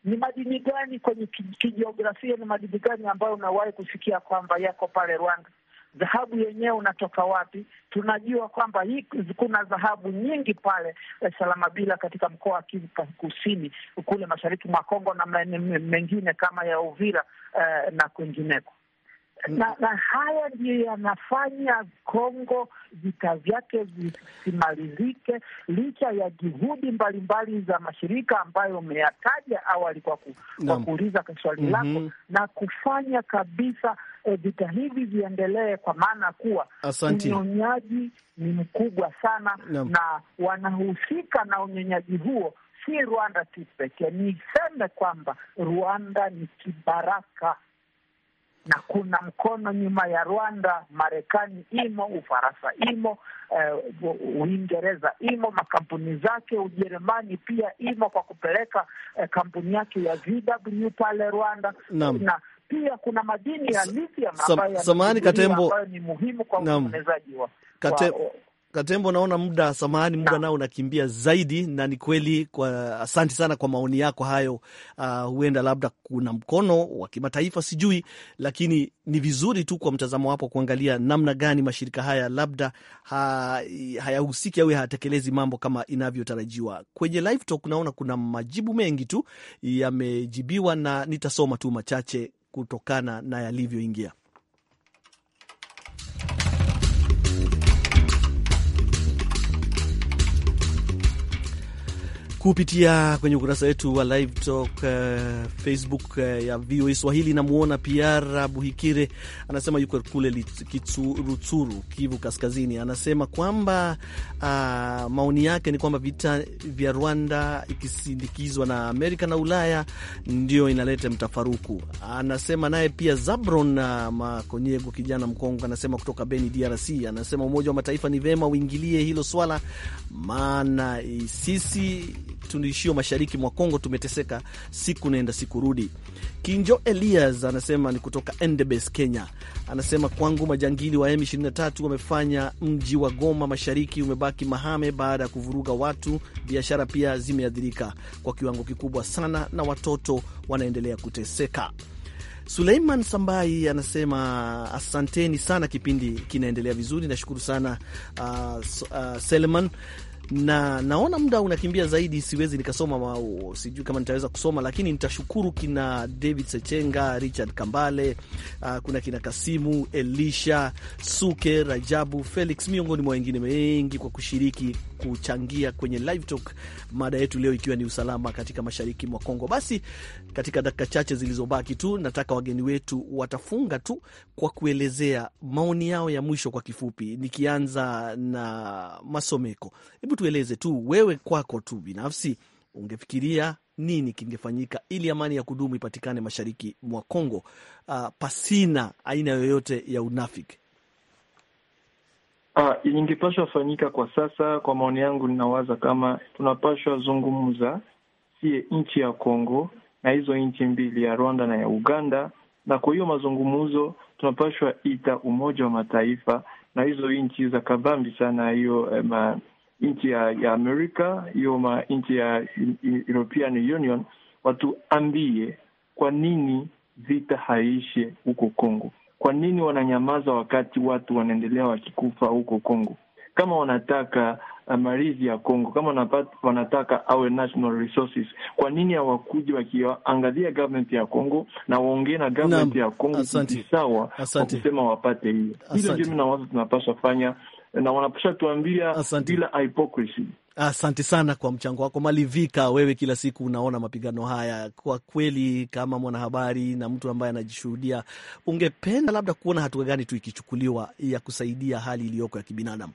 Speaker 4: Ni madini gani kwenye kijiografia, ni madini gani ambayo unawahi kusikia kwamba yako pale Rwanda? dhahabu yenyewe unatoka wapi? Tunajua kwamba hii kuna dhahabu nyingi pale eh, Salamabila katika mkoa wa Kivu Kusini kule mashariki mwa Kongo na maeneo mengine kama ya Uvira eh, na kwingineko na, na haya ndiyo yanafanya Kongo vita vyake visimalizike, licha ya juhudi mbalimbali za mashirika ambayo umeyataja awali kwa, ku, kwa kuuliza swali lako mm -hmm. na kufanya kabisa e, eh, vita hivi viendelee, kwa maana kuwa unyonyaji ni mkubwa sana no. na wanahusika na unyonyaji huo si Rwanda tu pekee. Niseme kwamba Rwanda ni kibaraka na kuna mkono nyuma ya Rwanda. Marekani imo, Ufaransa imo, uh, Uingereza imo, makampuni zake, Ujerumani pia imo kwa kupeleka uh, kampuni yake ya VW pale Rwanda Nam. na pia kuna madini ya lithium ambayo samahani, Katembo, ni muhimu kwa utengenezaji wa Katembo, naona muda,
Speaker 1: samahani, muda nao unakimbia zaidi, na ni kweli kwa, asanti sana kwa maoni yako hayo. Uh, huenda labda kuna mkono wa kimataifa sijui, lakini ni vizuri tu kwa mtazamo wapo kuangalia namna gani mashirika haya labda ha, hayahusiki au hayatekelezi mambo kama inavyotarajiwa. Kwenye live talk naona kuna majibu mengi tu yamejibiwa, na nitasoma tu machache kutokana na yalivyoingia. kupitia kwenye ukurasa wetu wa Live Talk uh, Facebook uh, ya VOA Swahili. Namwona Piara Buhikire anasema yuko kule Rutshuru, Kivu Kaskazini. Anasema kwamba uh, maoni yake ni kwamba vita vya Rwanda ikisindikizwa na Amerika na Ulaya ndio inaleta mtafaruku. Anasema naye pia Zabron uh, Makonyego, kijana Mkongo, anasema kutoka Beni, DRC, anasema Umoja wa Mataifa ni vema uingilie hilo swala, maana sisi tunaishio mashariki mwa Kongo, tumeteseka siku naenda siku rudi. Kinjo Elias anasema ni kutoka Endebes, Kenya. Anasema kwangu majangili wa M23 wamefanya mji wa Goma mashariki umebaki mahame baada ya kuvuruga watu, biashara pia zimeathirika kwa kiwango kikubwa sana, na watoto wanaendelea kuteseka. Suleiman Sambai anasema asanteni sana, kipindi kinaendelea vizuri, nashukuru sana. Uh, uh, Selman na naona muda unakimbia zaidi, siwezi nikasoma mao, sijui kama nitaweza kusoma, lakini nitashukuru kina David Sechenga, Richard Kambale, uh, kuna kina Kasimu Elisha Suke, Rajabu Felix, miongoni mwa wengine wengi kwa kushiriki kuchangia kwenye live talk, mada yetu leo ikiwa ni usalama katika mashariki mwa Kongo. Basi katika dakika chache zilizobaki tu, nataka wageni wetu watafunga tu kwa kuelezea maoni yao ya mwisho kwa kifupi, nikianza na Masomeko. Hebu tueleze tu wewe, kwako tu binafsi, ungefikiria nini kingefanyika ili amani ya kudumu ipatikane mashariki mwa Kongo, uh, pasina aina yoyote ya unafiki?
Speaker 5: Ah, ingepashwa fanyika kwa sasa, kwa maoni yangu, ninawaza kama tunapashwa zungumza sie nchi ya Kongo na hizo nchi mbili ya Rwanda na ya Uganda, na kwa hiyo mazungumzo tunapashwa ita Umoja wa Mataifa na hizo nchi za kabambi sana, hiyo eh, nchi ya, ya Amerika, hiyo ma nchi ya European Union, watuambie kwa nini vita haiishe huko Kongo. Kwa nini wananyamaza wakati watu wanaendelea wakikufa huko Kongo? Kama wanataka uh, maridhi ya Kongo, kama wanataka awe national resources, kwa nini hawakuji wakiangalia government ya Kongo na waongee na government ya Kongo sawa, wakusema wapate hiyo? Hilo ndio mi na watu tunapaswa fanya na wanapasha tuambia bila hypocrisy.
Speaker 1: Asante sana kwa mchango wako Malivika. Wewe kila siku unaona mapigano haya, kwa kweli, kama mwanahabari na mtu ambaye anajishuhudia, ungependa labda kuona hatua gani tu ikichukuliwa ya kusaidia hali iliyoko ya kibinadamu?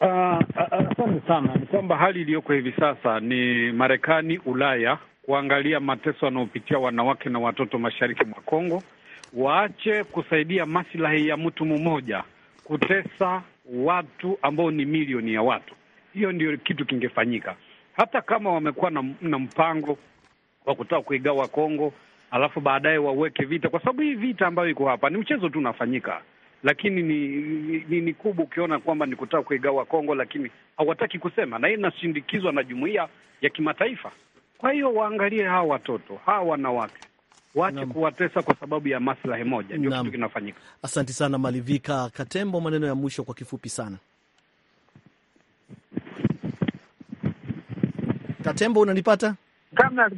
Speaker 6: Ah, ah, ah, asante uh, uh, sana. Ni kwamba hali iliyoko hivi sasa ni Marekani, Ulaya kuangalia mateso wanaopitia wanawake na watoto mashariki mwa Kongo, waache kusaidia maslahi ya mtu mmoja kutesa watu ambao ni milioni ya watu. Hiyo ndio kitu kingefanyika, hata kama wamekuwa na, na mpango wa kutaka kuigawa Kongo alafu baadaye waweke vita, kwa sababu hii vita ambayo iko hapa ni mchezo tu unafanyika, lakini ni, ni, ni, kubwa ukiona kwamba ni kutaka kuigawa Kongo, lakini hawataki kusema, na hii inashindikizwa na jumuiya ya kimataifa. Kwa hiyo waangalie hawa watoto hawa wanawake wache kuwatesa kwa sababu ya maslahi
Speaker 1: moja, ndio kitu kinafanyika. Asante sana Malivika Katembo, maneno ya mwisho kwa kifupi sana.
Speaker 3: Katembo, unanipata? Kama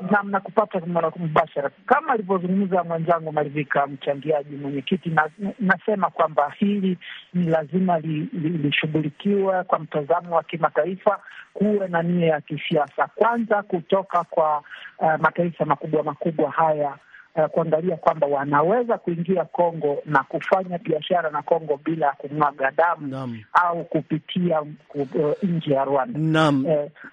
Speaker 3: namna kupata mbashara kama alivyozungumza mwenzangu malivika
Speaker 4: mchangiaji mwenyekiti, na nasema kwamba hili ni lazima lishughulikiwa li, li kwa mtazamo wa kimataifa. Kuwe na nia ya kisiasa kwanza kutoka kwa uh, mataifa makubwa makubwa haya uh, kuangalia kwamba wanaweza kuingia Kongo na kufanya biashara na Kongo bila ya kumwaga damu
Speaker 3: au kupitia uh, eh, nje ya Rwanda.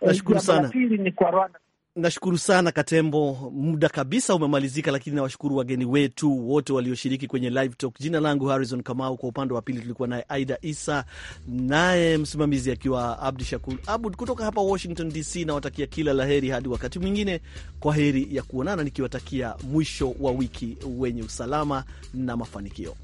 Speaker 4: nashukuru sana. Pili ni kwa Rwanda
Speaker 1: Nashukuru sana Katembo, muda kabisa umemalizika, lakini nawashukuru wageni wetu wote walioshiriki kwenye live talk. Jina langu Harrison Kamau, kwa upande wa pili tulikuwa naye Aida Isa, naye msimamizi akiwa Abdi Shakur Abud kutoka hapa Washington DC. Nawatakia kila la heri hadi wakati mwingine, kwa heri ya kuonana, nikiwatakia mwisho wa wiki wenye usalama na mafanikio.